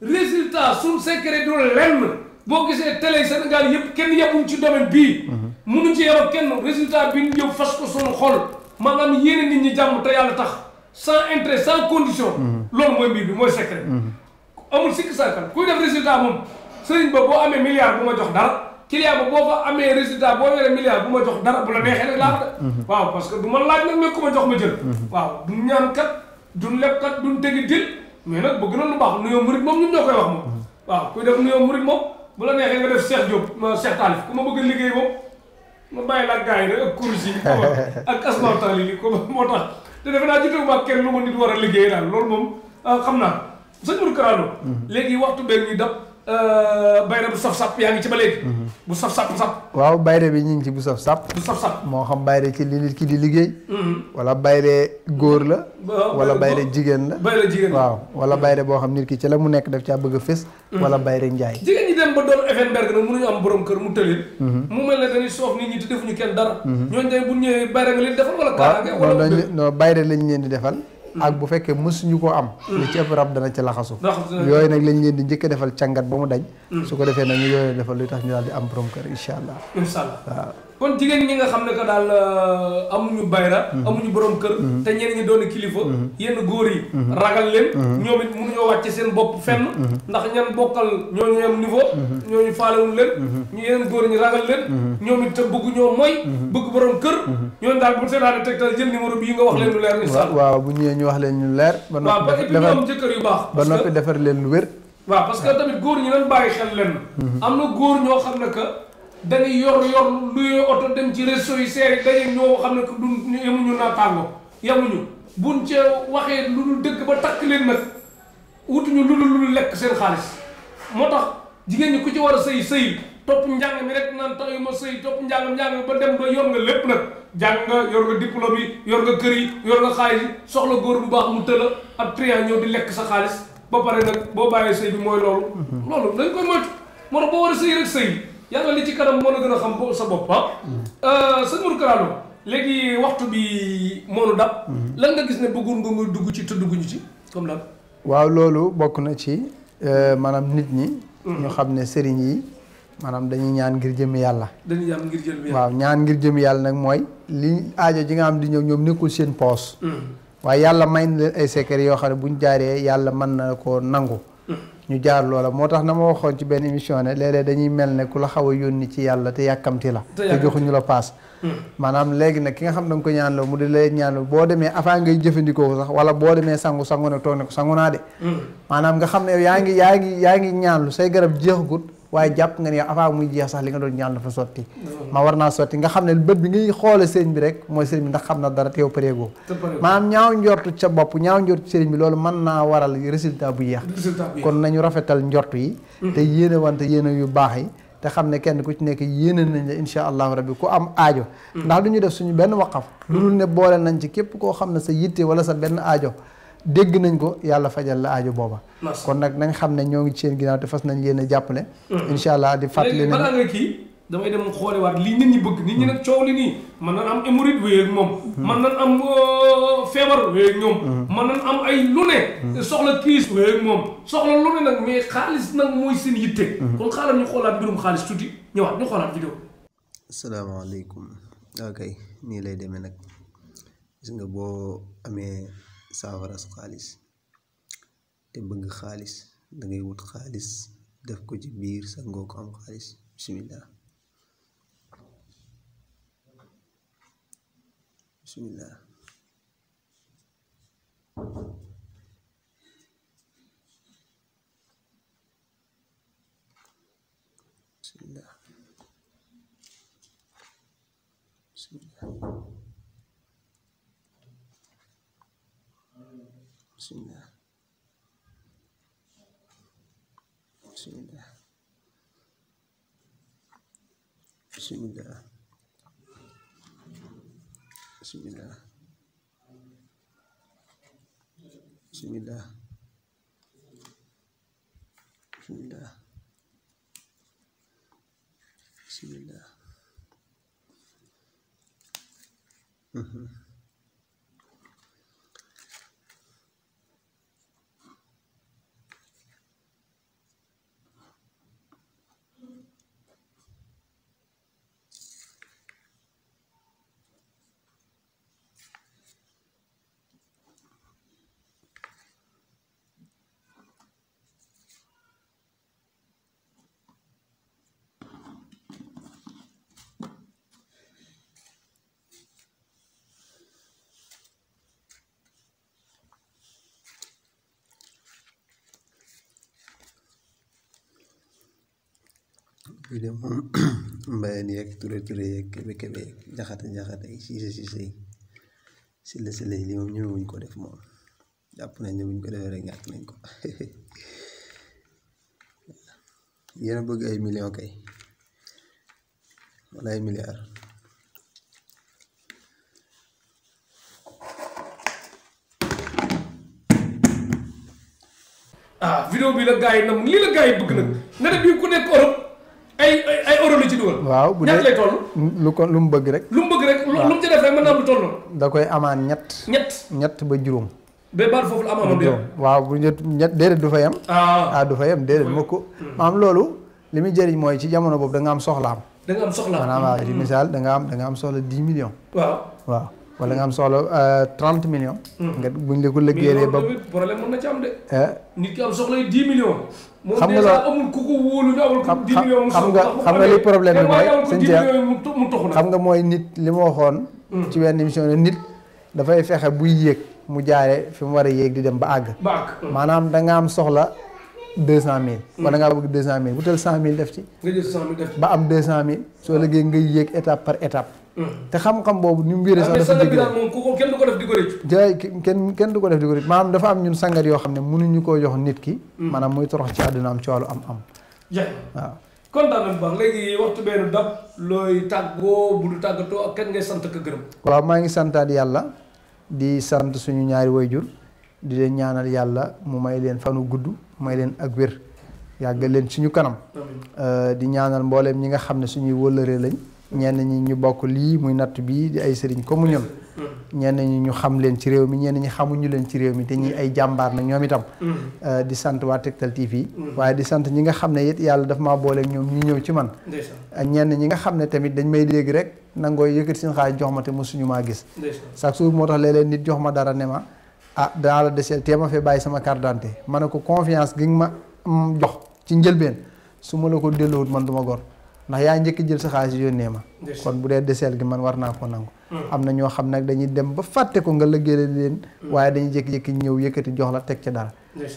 résultat suñu secret du lenn boo gisee télé Sénégal yëpp kenn yebuñ ci domaine bii. mënuñ ci yem kenn résultat bi ñu ñëw fas ko sunu xol maanaam yéene nit ñi jàmm te yàlla tax san intérêt sans condition. loolu mooy mbir bi mooy secret. amul sikk sàkkal kuy def résultat moom sëriñ ba boo amee milliard bu ma jox dara client ba boo fa amee résultat boo yoree milliard bu ma jox dara bu la neexee rek laa de mm-hmm. Mm-hmm. waaw parce que du ma laaj nag nekk ku ma jox ma jël mm-hmm. waaw du ñaan kat duñ leb kat duñ tegi dil mais nag bëgg na lu baax nuyoo murit moom ñun ñoo koy wax moom waaw kuy def nuyoo murit moom bu la neexee nga def Cheikh Diop Cheikh Talif ku ma bëgg a liggéey moom ma bàyyi la ak gars yi rek ak kurus yi ak asmantali yi ko moo tax te defe naa jotewuma ak kenn lu ma nit war a liggéey daal loolu moom ah, xam naa sëñ Modou Kara Lo mhm. léegi waxtu beeg ñu dab euh, bayre bu saf sap yaa ngi ci ba léegi mhm. bu saf sap sap waaw bayre bi ñu ngi ci bu saf sap bu saf sap moo xam bayre ci li nit ki di liggéey mhm. wala bayre góor la wala bayre jigéen la bayre jigéen waaw wala bayre boo xam nit ki ci la mu nekk daf caa bëgg a fés wala bayre njaay jigéen ñi dem ba doon Effenberg nag mënuñu am borom kër mu tëleel mu mel ne dañuy soof nit ñi te defuñu kenn dara ñooñu tey bu ñëwee bayre nga leen defal wala kaaraange wala non bayre lañ leen di defal ak bu fekkee mësuñu koo am mm. li ci ëpp rab dana ci laxasu yooyu nag lañ leen di njëkk defal càngat ba mu dañ mm. su ko defee nag ñu yooyu defal luy tax ñu daal di am borom kër incha allah waaw kon jigéen ñi nga xam ne que daal euh, amuñu bayra mhm. amuñu borom kër mhm. te ñeneen ñi doon kilifa mhm. yenn góor yi ragal leen ñoom it mënuñoo seen bopp fenn ndax ñan bokkal ñooñu am niveau ñooñu faalewul leen ñu yeneen góor ñi ragal te bëgg ñoo mooy bëgg borom kër ñooñu daal bu seetaan tegtal jël numéro bii nga wax leen lu leer insha Allah waaw bu ñëwee ñu wax leen ñu leer ba noppi waaw ba ñoom jëkkër yu baax ba noppi defar leen lu wér waaw parce que tamit góor ñi nañ bàyyi xel leen am na góor ñoo xam ne que dañuy yor yor luy oto dem ci réseau yi seer yi dañuy ñoo xam ne que duñ yemuñu naataango yemuñu buñ ca waxee lu dul dëgg ba takk leen nag wutuñu lu dul lu lekk seen xaalis moo tax jigéen ñi ku ci war a sëy sëy topp njàng mi rek naan tax yu ma sëy topp njàng njàng ba dem ba yor nga lépp nag jàng nga yor nga diplôme yi yor nga kër yi yor nga xaalis yi soxla góor bu baax mu tëla ab trian ñoo di lekk sa xaalis ba pare nag boo bàyyee sëy mm-hmm. moo yàlla li ci kanam moo la gën a xam sa bopp ah. Mm. Euh, sëñ Mourou Kara léegi waxtu bi moo nu dab. Mm-hmm. lan nga gis ne bëggoon nga nga dugg ci te dugguñu ci waaw loolu bokk na ci euh, maanaam nit ñi. Mm. ñu xam ne sëriñ yi maanaam dañuy ñaan ngir jëm yàlla. ngir jëm yàlla waaw ñaan ngir jëm yàlla nag mooy. li aajo ji nga xam di ñëw ñoom nekkul seen poos. Mm. waaye yàlla may na leen ay secret yoo xam ne buñ jaaree yàlla mën na ko nangu. ñu jaar loola moo tax na ma waxoon ci benn émission ne léeg-léeg dañuy mel ne ku la xaw a yónni ci yàlla te yàkkamti la te joxuñu la paas hmm. maanaam léegi nag ki nga xam da nga ko ñaan loo mu di lay ñaan loo boo demee avant ngay jëfandikoo ko sax wala boo demee sangu sangu nag toog ne ko sangu naa de hmm. maanaam nga xam ne yaa ngi yaa ngi yaa ngi ñaanlu say garab jeexagut waaye jàpp nga ne avant muy jeex sax li nga doon ñaan dafa sotti ma war naa sotti nga xam ne bët bi ngay xoole sëriñ bi rek mooy sëriñ bi ndax xam na dara teew pareegoo maanaam ñaaw njortu sa bopp ñaaw njortu sëriñ bi loolu mën naa waral résultat bu yeex kon nañu rafetal njortu yi mm-hmm. te yéene wante yéene yu baax yi te xam ne kenn ku ci nekk yéene nañ la insha allahu rabbi ku am aajo mm-hmm. ndax lu ñu def suñu benn waqaf mm-hmm. lu dul ne boole nañ ci képp koo xam ne sa yitte wala sa benn aajo dégg nañ ko yàlla fajal la aajo booba kon nag nañ xam ne ñoo ngi ci seen ginnaaw te fas nañ yéen a jàppale hmm. incha allah di fàttali na nga kii damay dem nag hmm. euh, hmm. soxla crise wéyeg moom soxla lu ne nag mais xaalis nag mooy seen yitte kon xaaral ñu xoolaat mbirum xaalis tuuti ñëwaat ñu xoolaat vidéo asalaamaaleykum ok nii lay demee nag gis nga boo amee saafara xaalis te bëgg xaalis dangay wut xaalis def ko ci biir sa ngoo ko am xaalis bismillah bismillah bismillah bismillah bismillah bismillah bismillah bismillah bismillah mm-hmm. fii de moom mbayeen yeeg ture ture yeeg kebe kebe yeeg jaxate jaxate yi siise siise yi sile sile yi lii moom ñëwee wuñ ko def moom jàpp nañ ne buñ ko defee rek ñàkk nañ ko a bëgg ay million kay wala ay milliard ah vidéo la gars yi nam lii la gars yi bëgg nag na def bii ku nekk Europe waaw bu dee ñett lay toll. lu ko lu mu bëgg rek. lu mu bëgg rek lu naa lu toll. da koy amaan ñett. ñett ba juróom. ba baal foofu la amaan ba ñett ñett du fa yem. Ah. Ah, du fa yem hmm. loolu li muy jëriñ mooy ci jamono boobu danga am soxlaam. da nga am soxlaam maanaam hmm. waaw ci misaal da nga am da am soxla dix millions. waaw. wala nga am soxla euh, trente millions. Hmm. nga buñ la ko liggéeyee ba problème mën eh. xam nga loo xam nga xam nga li mooy. xam nga mooy nit li ma waxoon. Hmm. ci benn émission ne nit dafay fexe buy yéeg mu jaare fi mu war a yéeg di dem ba àgg. ba àgg hmm. maanaam da am soxla. deux cent mille wala ngaa bëgg deux cent mille wutal cent mille def ci. nga ba am deux cent mille. soo liggéey ngay yéeg étape par étape. Mm. te xam-xam boobu ni mu wéree sax dafa jóge kenn ko def di ko kenn du ko def di ko dafa am ñun sangat yoo xam ne mënuñu koo jox nit ki mm. maanaam muy torox ci àdduna am ci am am jaay waaw kontaan waaw maa ngi santaat yàlla di sant suñu ñaari jur di leen ñaanal yàlla mu may leen fanu gudd may leen ak wér yàgg leen suñu kanam euh, di ñaanal mbooleem ñi nga xam ne suñuy wëllëree lañ ñenn ñi ñu bokk lii muy natt bii di ay sëriñ comme ñun ñenn ñi ñu xam leen ci réew mi ñenn ñi xamuñu leen ci réew mi te ñi ay jàmbaar na ñoom itam mm-hmm. euh, di sant waa Tektal TV mm-hmm. waaye di sant ñi nga xam ne yàlla daf maa booleek ñoom ñu ñëw ci man euh, ñenn ñi nga xam ne tamit dañ may dégg rek nangoo yëkkati seen xaalis jox ma te mosuñu maa gis chaque jour moo tax léeg leen nit jox ma dara ne ma ah danaa la deseel tee ma fee bàyyi sama carte d'identité ma ne ko confiance gi nga ma mm, jox ci njëlbeen su ma la ko delloowut man du ma gor ndax yaa njëkk jël sa xaalis yónnee ma kon bu dee deseel gi man war naa ko nangu hmm. am na ñoo xam nag dañuy dem ba fàtte ko nga lëggéeyal leen hmm. waaye dañuy jékki-jékki ñëw yëkkati jox la teg ci dara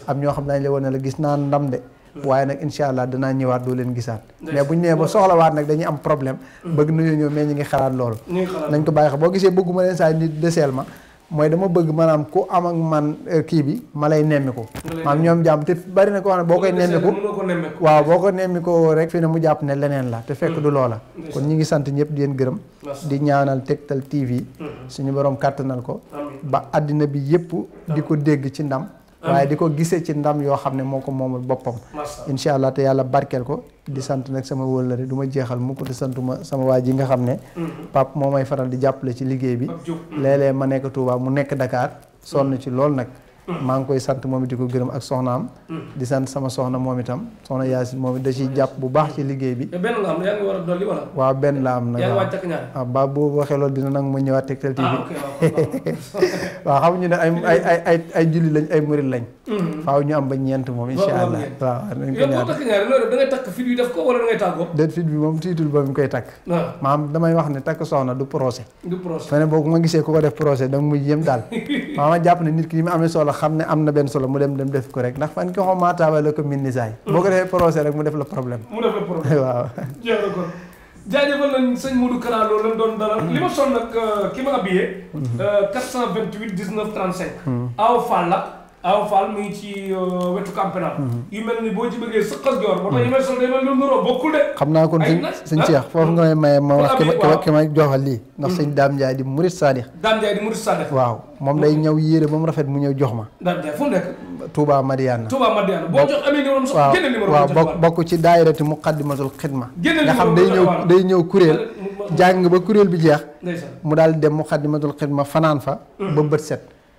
am ñoo xam dañ la wane la gis naa ndam de hmm. waaye nag incha allah danaa ñëwaat doo leen gisaat mais bu ñu nee ba soxlawaat nag dañuy am problème bëgg nañoo ñëw mais ñu ngi xalaat loolu nañ ko bàyyi xa boo gisee bëgguma leen saa nit deseel ma mooy dama bëgg manaam ku am ak man eh, kii bi ma lay nemmiku maanaam ñoom jàmm te bari na ko xam ne boo koy nemmiku waaw boo ko nemmikoo rek fi ne mu jàpp ne leneen la te fekk mm. du loola kon ñi ngi sant ñëpp di leen gërëm di ñaanal Tektal TV mm-hmm. suñu boroom kàttanal ko ba àddina bi yëpp di ko dégg ci ndam waaye di ko gisee ci ndam yoo xam ne moo ko moomal boppam incha allah te yàlla barkeel ko di sant nag sama wëllëre du ma jeexal mu ko di santuma sama waa ji nga xam ne mm-hmm. pap moo may faral di jàppale ci liggéey bi léeg-léeg ma nekk Touba mu nekk Dakar sonn mm-hmm. ci lool nag maa ngi koy sant moom it di ko gërëm ak soxnaam. di sant sama soxna moom itam soxna Yaasin moom it da ciy jàpp bu baax ci liggéey bi. te benn la am a nag ah, ba bu waxee loolu dina nag ma ñëwaat Tektal TV. Ah, waaw xam ñu ne ay ay ay ay ay ay murit lañ. Mm-hmm. faaw ñu am ñeent moom incha allah. waaw nañ bi moom tiitul ba mu koy takk. waaw ah. maam damay wax ne takk soxna du procès. du procès feneen boo ko ma gisee ku ko def procès danga muy yëm daal maama jàpp ne nit ki li mu amee solo xam ne am na benn solo mu dem dem def ko rek ndax fan ki xom maa taabale ko min nisaay boo ko defee procès def la problème mu def la problème waaw jeex na kon jaajëfal nañ sëñ Modou lañ doon dalal mm. li ma sol nag euh, ki ma habillé 428 19 35 aw Fall la aw euh, mhm. mhm. xam naa kon sëñ sëñ Cheikh foofu nga may maye ma wax lii. ndax mhm. sëñ Dame Ndiaye di Murit Sadikh. waaw moom day ñëw yére ba mu rafet mu ñëw jox ma. Dame Ndiaye waaw bokk bokk ci daayirati Muqaddimatul Xidma. génne numéro nga xam day ñëw day ñëw kuréel. jàng ba kuréel bi jeex. mu daal dem Muqaddimatul Xidma fanaan fa. ba set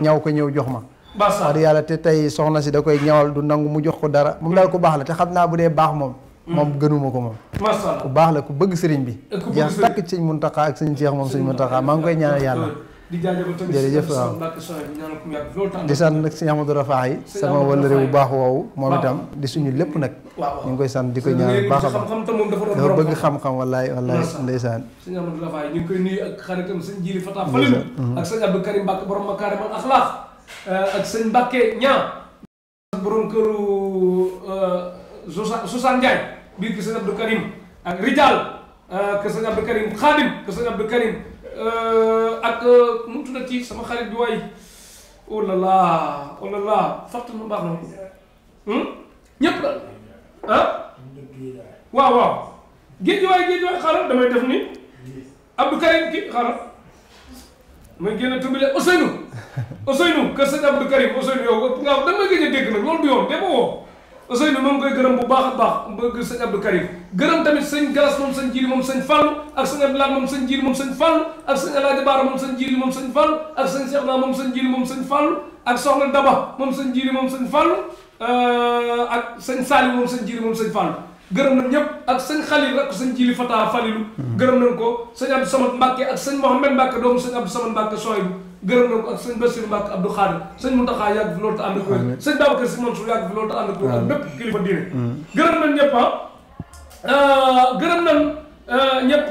ñaw ko ñëw jox ma wax dëgg yàlla te tey soxna si da koy ñawal du nangu mu jox ko dara moom daal ko baax la te xam naa bu dee baax moom mm. moom gënuma ko moom ku baax la ku bëgg sëriñ bi jeex takk sëñ Muntaxa ak sëñ Cheikh moom sëñ Muntaxa maa ngi koy ñaanal yàlla di jaajëfal tamit jërëjëf waaw di sant nag si Amadou Rafaay sama wëllëre bu baax wow moom itam di suñu lépp nag ñu ngi koy sant di ko ñaan baax a baax dafa bëgg xam-xam wallaay wallaay ndeysaan sëñ Amadou Rafaay ñu ngi koy nuyu ak xaritam sëñ Jili Fata Falil mhm. ak sëñ Abdou Karim Mbacke borom Makarim al euh, ak sëñ Mbacke ñaa borom këru Sousa euh, Ndiaye biir ki sëñ Abdou Karim ak Rijal que euh, sëñ Abdou Karim Khadim Euh, ak euh, mu tuddati sama xarit bi waay oh là là oh là là fàttali ma baax na hmm? ñëpp la ah waaw waaw géej waay géej waay xaaral damay def ni Abdou Karim kii xaaral may génn tëmbale Ousseynou Ousseynou kër sëñ Abdou Karim Ousseynou yow nga xam da a dégg nag loolu du yoon dama woo. Ousseynou moom koy gërëm bu baax a baax sëñ Abdou Karim gërëm tamit sëñ Galas moom sëñ Jili moom sëñ Fall ak sëñ Abdoulaye moom sëñ Jili moom sëñ Fall ak sëñ Alaaji Baara moom sëñ Jili moom sëñ Fall ak sëñ Cheikh Naa moom sëñ Jili moom sëñ Fall ak Soxna Daba moom sëñ Jili moom sëñ Fall ak sëñ Saali moom sëñ Jili moom sëñ Fall gërëm nañ ñëpp ak sëñ Xalil ak sëñ Jili Fata Falilu gërëm nañ ko sëñ Abdou Samad Mbàkke ak sëñ Mohamed Mbàkke doomu sëñ Abdou Samad Mbàkke Soyibu gërëm na ko ak sëñ Bassirou Mbacke Abdou Khadim sëñ Mountakha yàgg fi loolu te ànd ak wér sëñ Babacar Sy Mansour yàgg fi loolu te ànd ak wér ak bépp kilifa diine gërëm nañ ñëpp ah euh, gërëm nañ ñëpp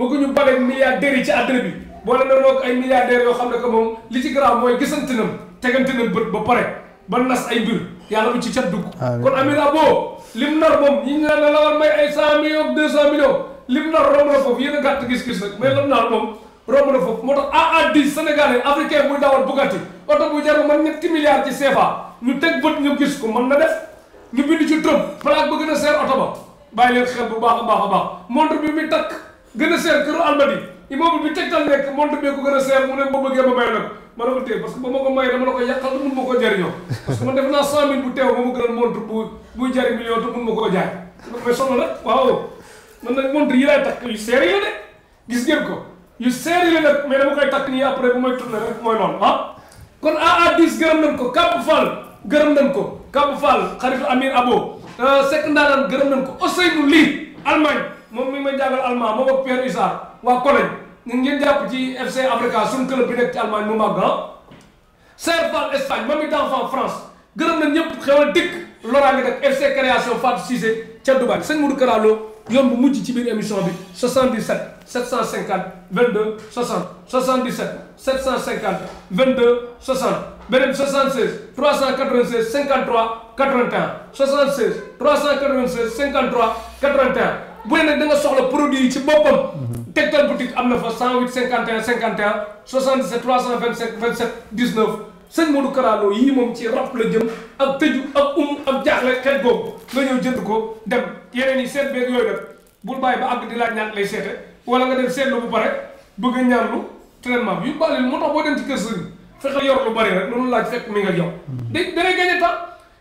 ak ñu bale milliardaires yi ci àddina bi boole na loog ay milliardaires yoo xam ne que moom li ci garaaw mooy gisante nañ tegante nañ ba pare ba nas ay mbir yàlla bu ci cat a kon Amir Abo lim nar moom ñi nga ne la war may ay 100 millions 200 lim nar romb na foofu yéen a gàtt gis-gis rek mais lam nar moom romb na foofu moo tax AA10 sénégalais africain buy dawal Bugatti oto bu jaru man ñetti milliards ci CFA ñu teg bët ñu gis ko mën na def ñu bind ci Trump plaque ba gën a seer oto ba bàyyi leen xel bu baax a baax a baax montre bi muy takk gën a seer këru Almadi immeuble bi tegtal nekk montre bee ko gën a seer mu ne ma bëggee ma may nag ma ne ko téye parce que ba ma ko maye dama la ko yàqal te mun ma koo jariñoo parce que man def naa cent mille bu teew ba mu gën a montre bu buy jari million te mun ma koo jaay mais soxla la waaw man nag montre yi laay takk yu sérieux la de gis ngeen ko yu sérieux la mais dama koy takk nii après bu may tourné rek mooy noonu ah. kon AA10 gërëm nañ ko Kapa Fall gërëm nañ ko Kapa Fall xaritu Amir Abo euh, Seck Ndaaraan gërëm nañ ko Ousseynou Ly Allemagne moom mi may jàngal allemand moom ak Pierre Issa waa collège ñu ngi leen jàpp ci FC Africa suñu club bi nekk ci Allemagne mu màgg ah. Serre Fall Espagne Mamy d'Enfant France gërëm nañ ñëpp xewal dikk loraa ngi nag FC Création Fatou Cissé yoon bu mujj ci biir émission bi 77 750 22 60 77 750 22 60 beneen 76 396 53 81 76 396 53 81 bu ne nag da nga soxla produit yi ci boppam. Mhm. Tektal boutique am na fa 108 51 51 77 325 27 19. sëñ Modou Kara Lo yii moom ci rap la jëm ak tëju ak um ak jaaxle xet googu nga ñëw jënd ko dem. yeneen yi seet beeg yooyu nag bul bàyyi ba àgg di laaj ñaata lay seete wala nga def seetlu bu pare bëgg a ñaanlu traitement yu bàyyi moo tax boo dem ci kër sëriñ fexe yor lu bari rek loolu laaj fekk mi nga jox. Hmm. day dana tax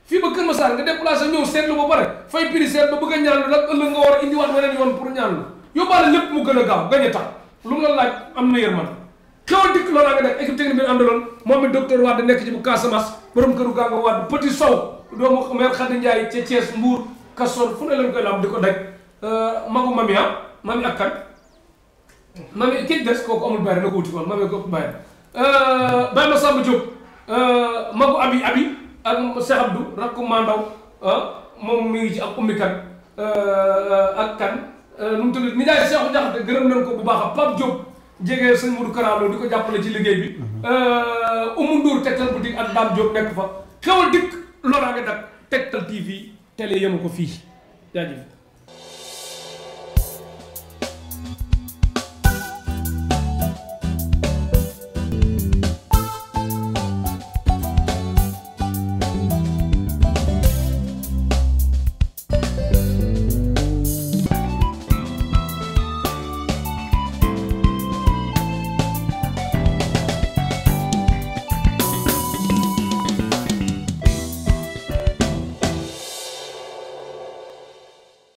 fii ba Kër Masar nga déplacé ñëw seetlu ba pare fay prix seet ba bëgg a ñaanlu nag ëllëg nga war a indiwaat weneen yoon pour ñaanlu yóbbaale lépp mu gën a gaaw gën tax lu mu la laaj am na yërmande xewal dikk loolaa nga def équipe moom it docteur Wade nekk ci bu Casamance borom këru gànga Wade kasoor fu ne lañ koy lam di ko daj euh, magu mami ah mami ak kan mami kii des kooku amul bàyyi na ko wuti woon mami ko ëpp bàyyi euh, bàyyi ma Samba Diop euh, magu abi abi ak Cheikh Abdou rakku Mandaw ah, moom mi ngi ci ak ummi kan ak kan nu mu tudd nijaay Cheikh Jaxate gërëm nañ ko bu baax a Pape Diop jege sëñ Modou Karalo di ko jàppale ci liggéey bi mhm. Oumou Ndour Tektal boutique ak Dame Diop nekk fa xewal dikk loraa nga dak Tektal TV télé yemu ko fii jaajëf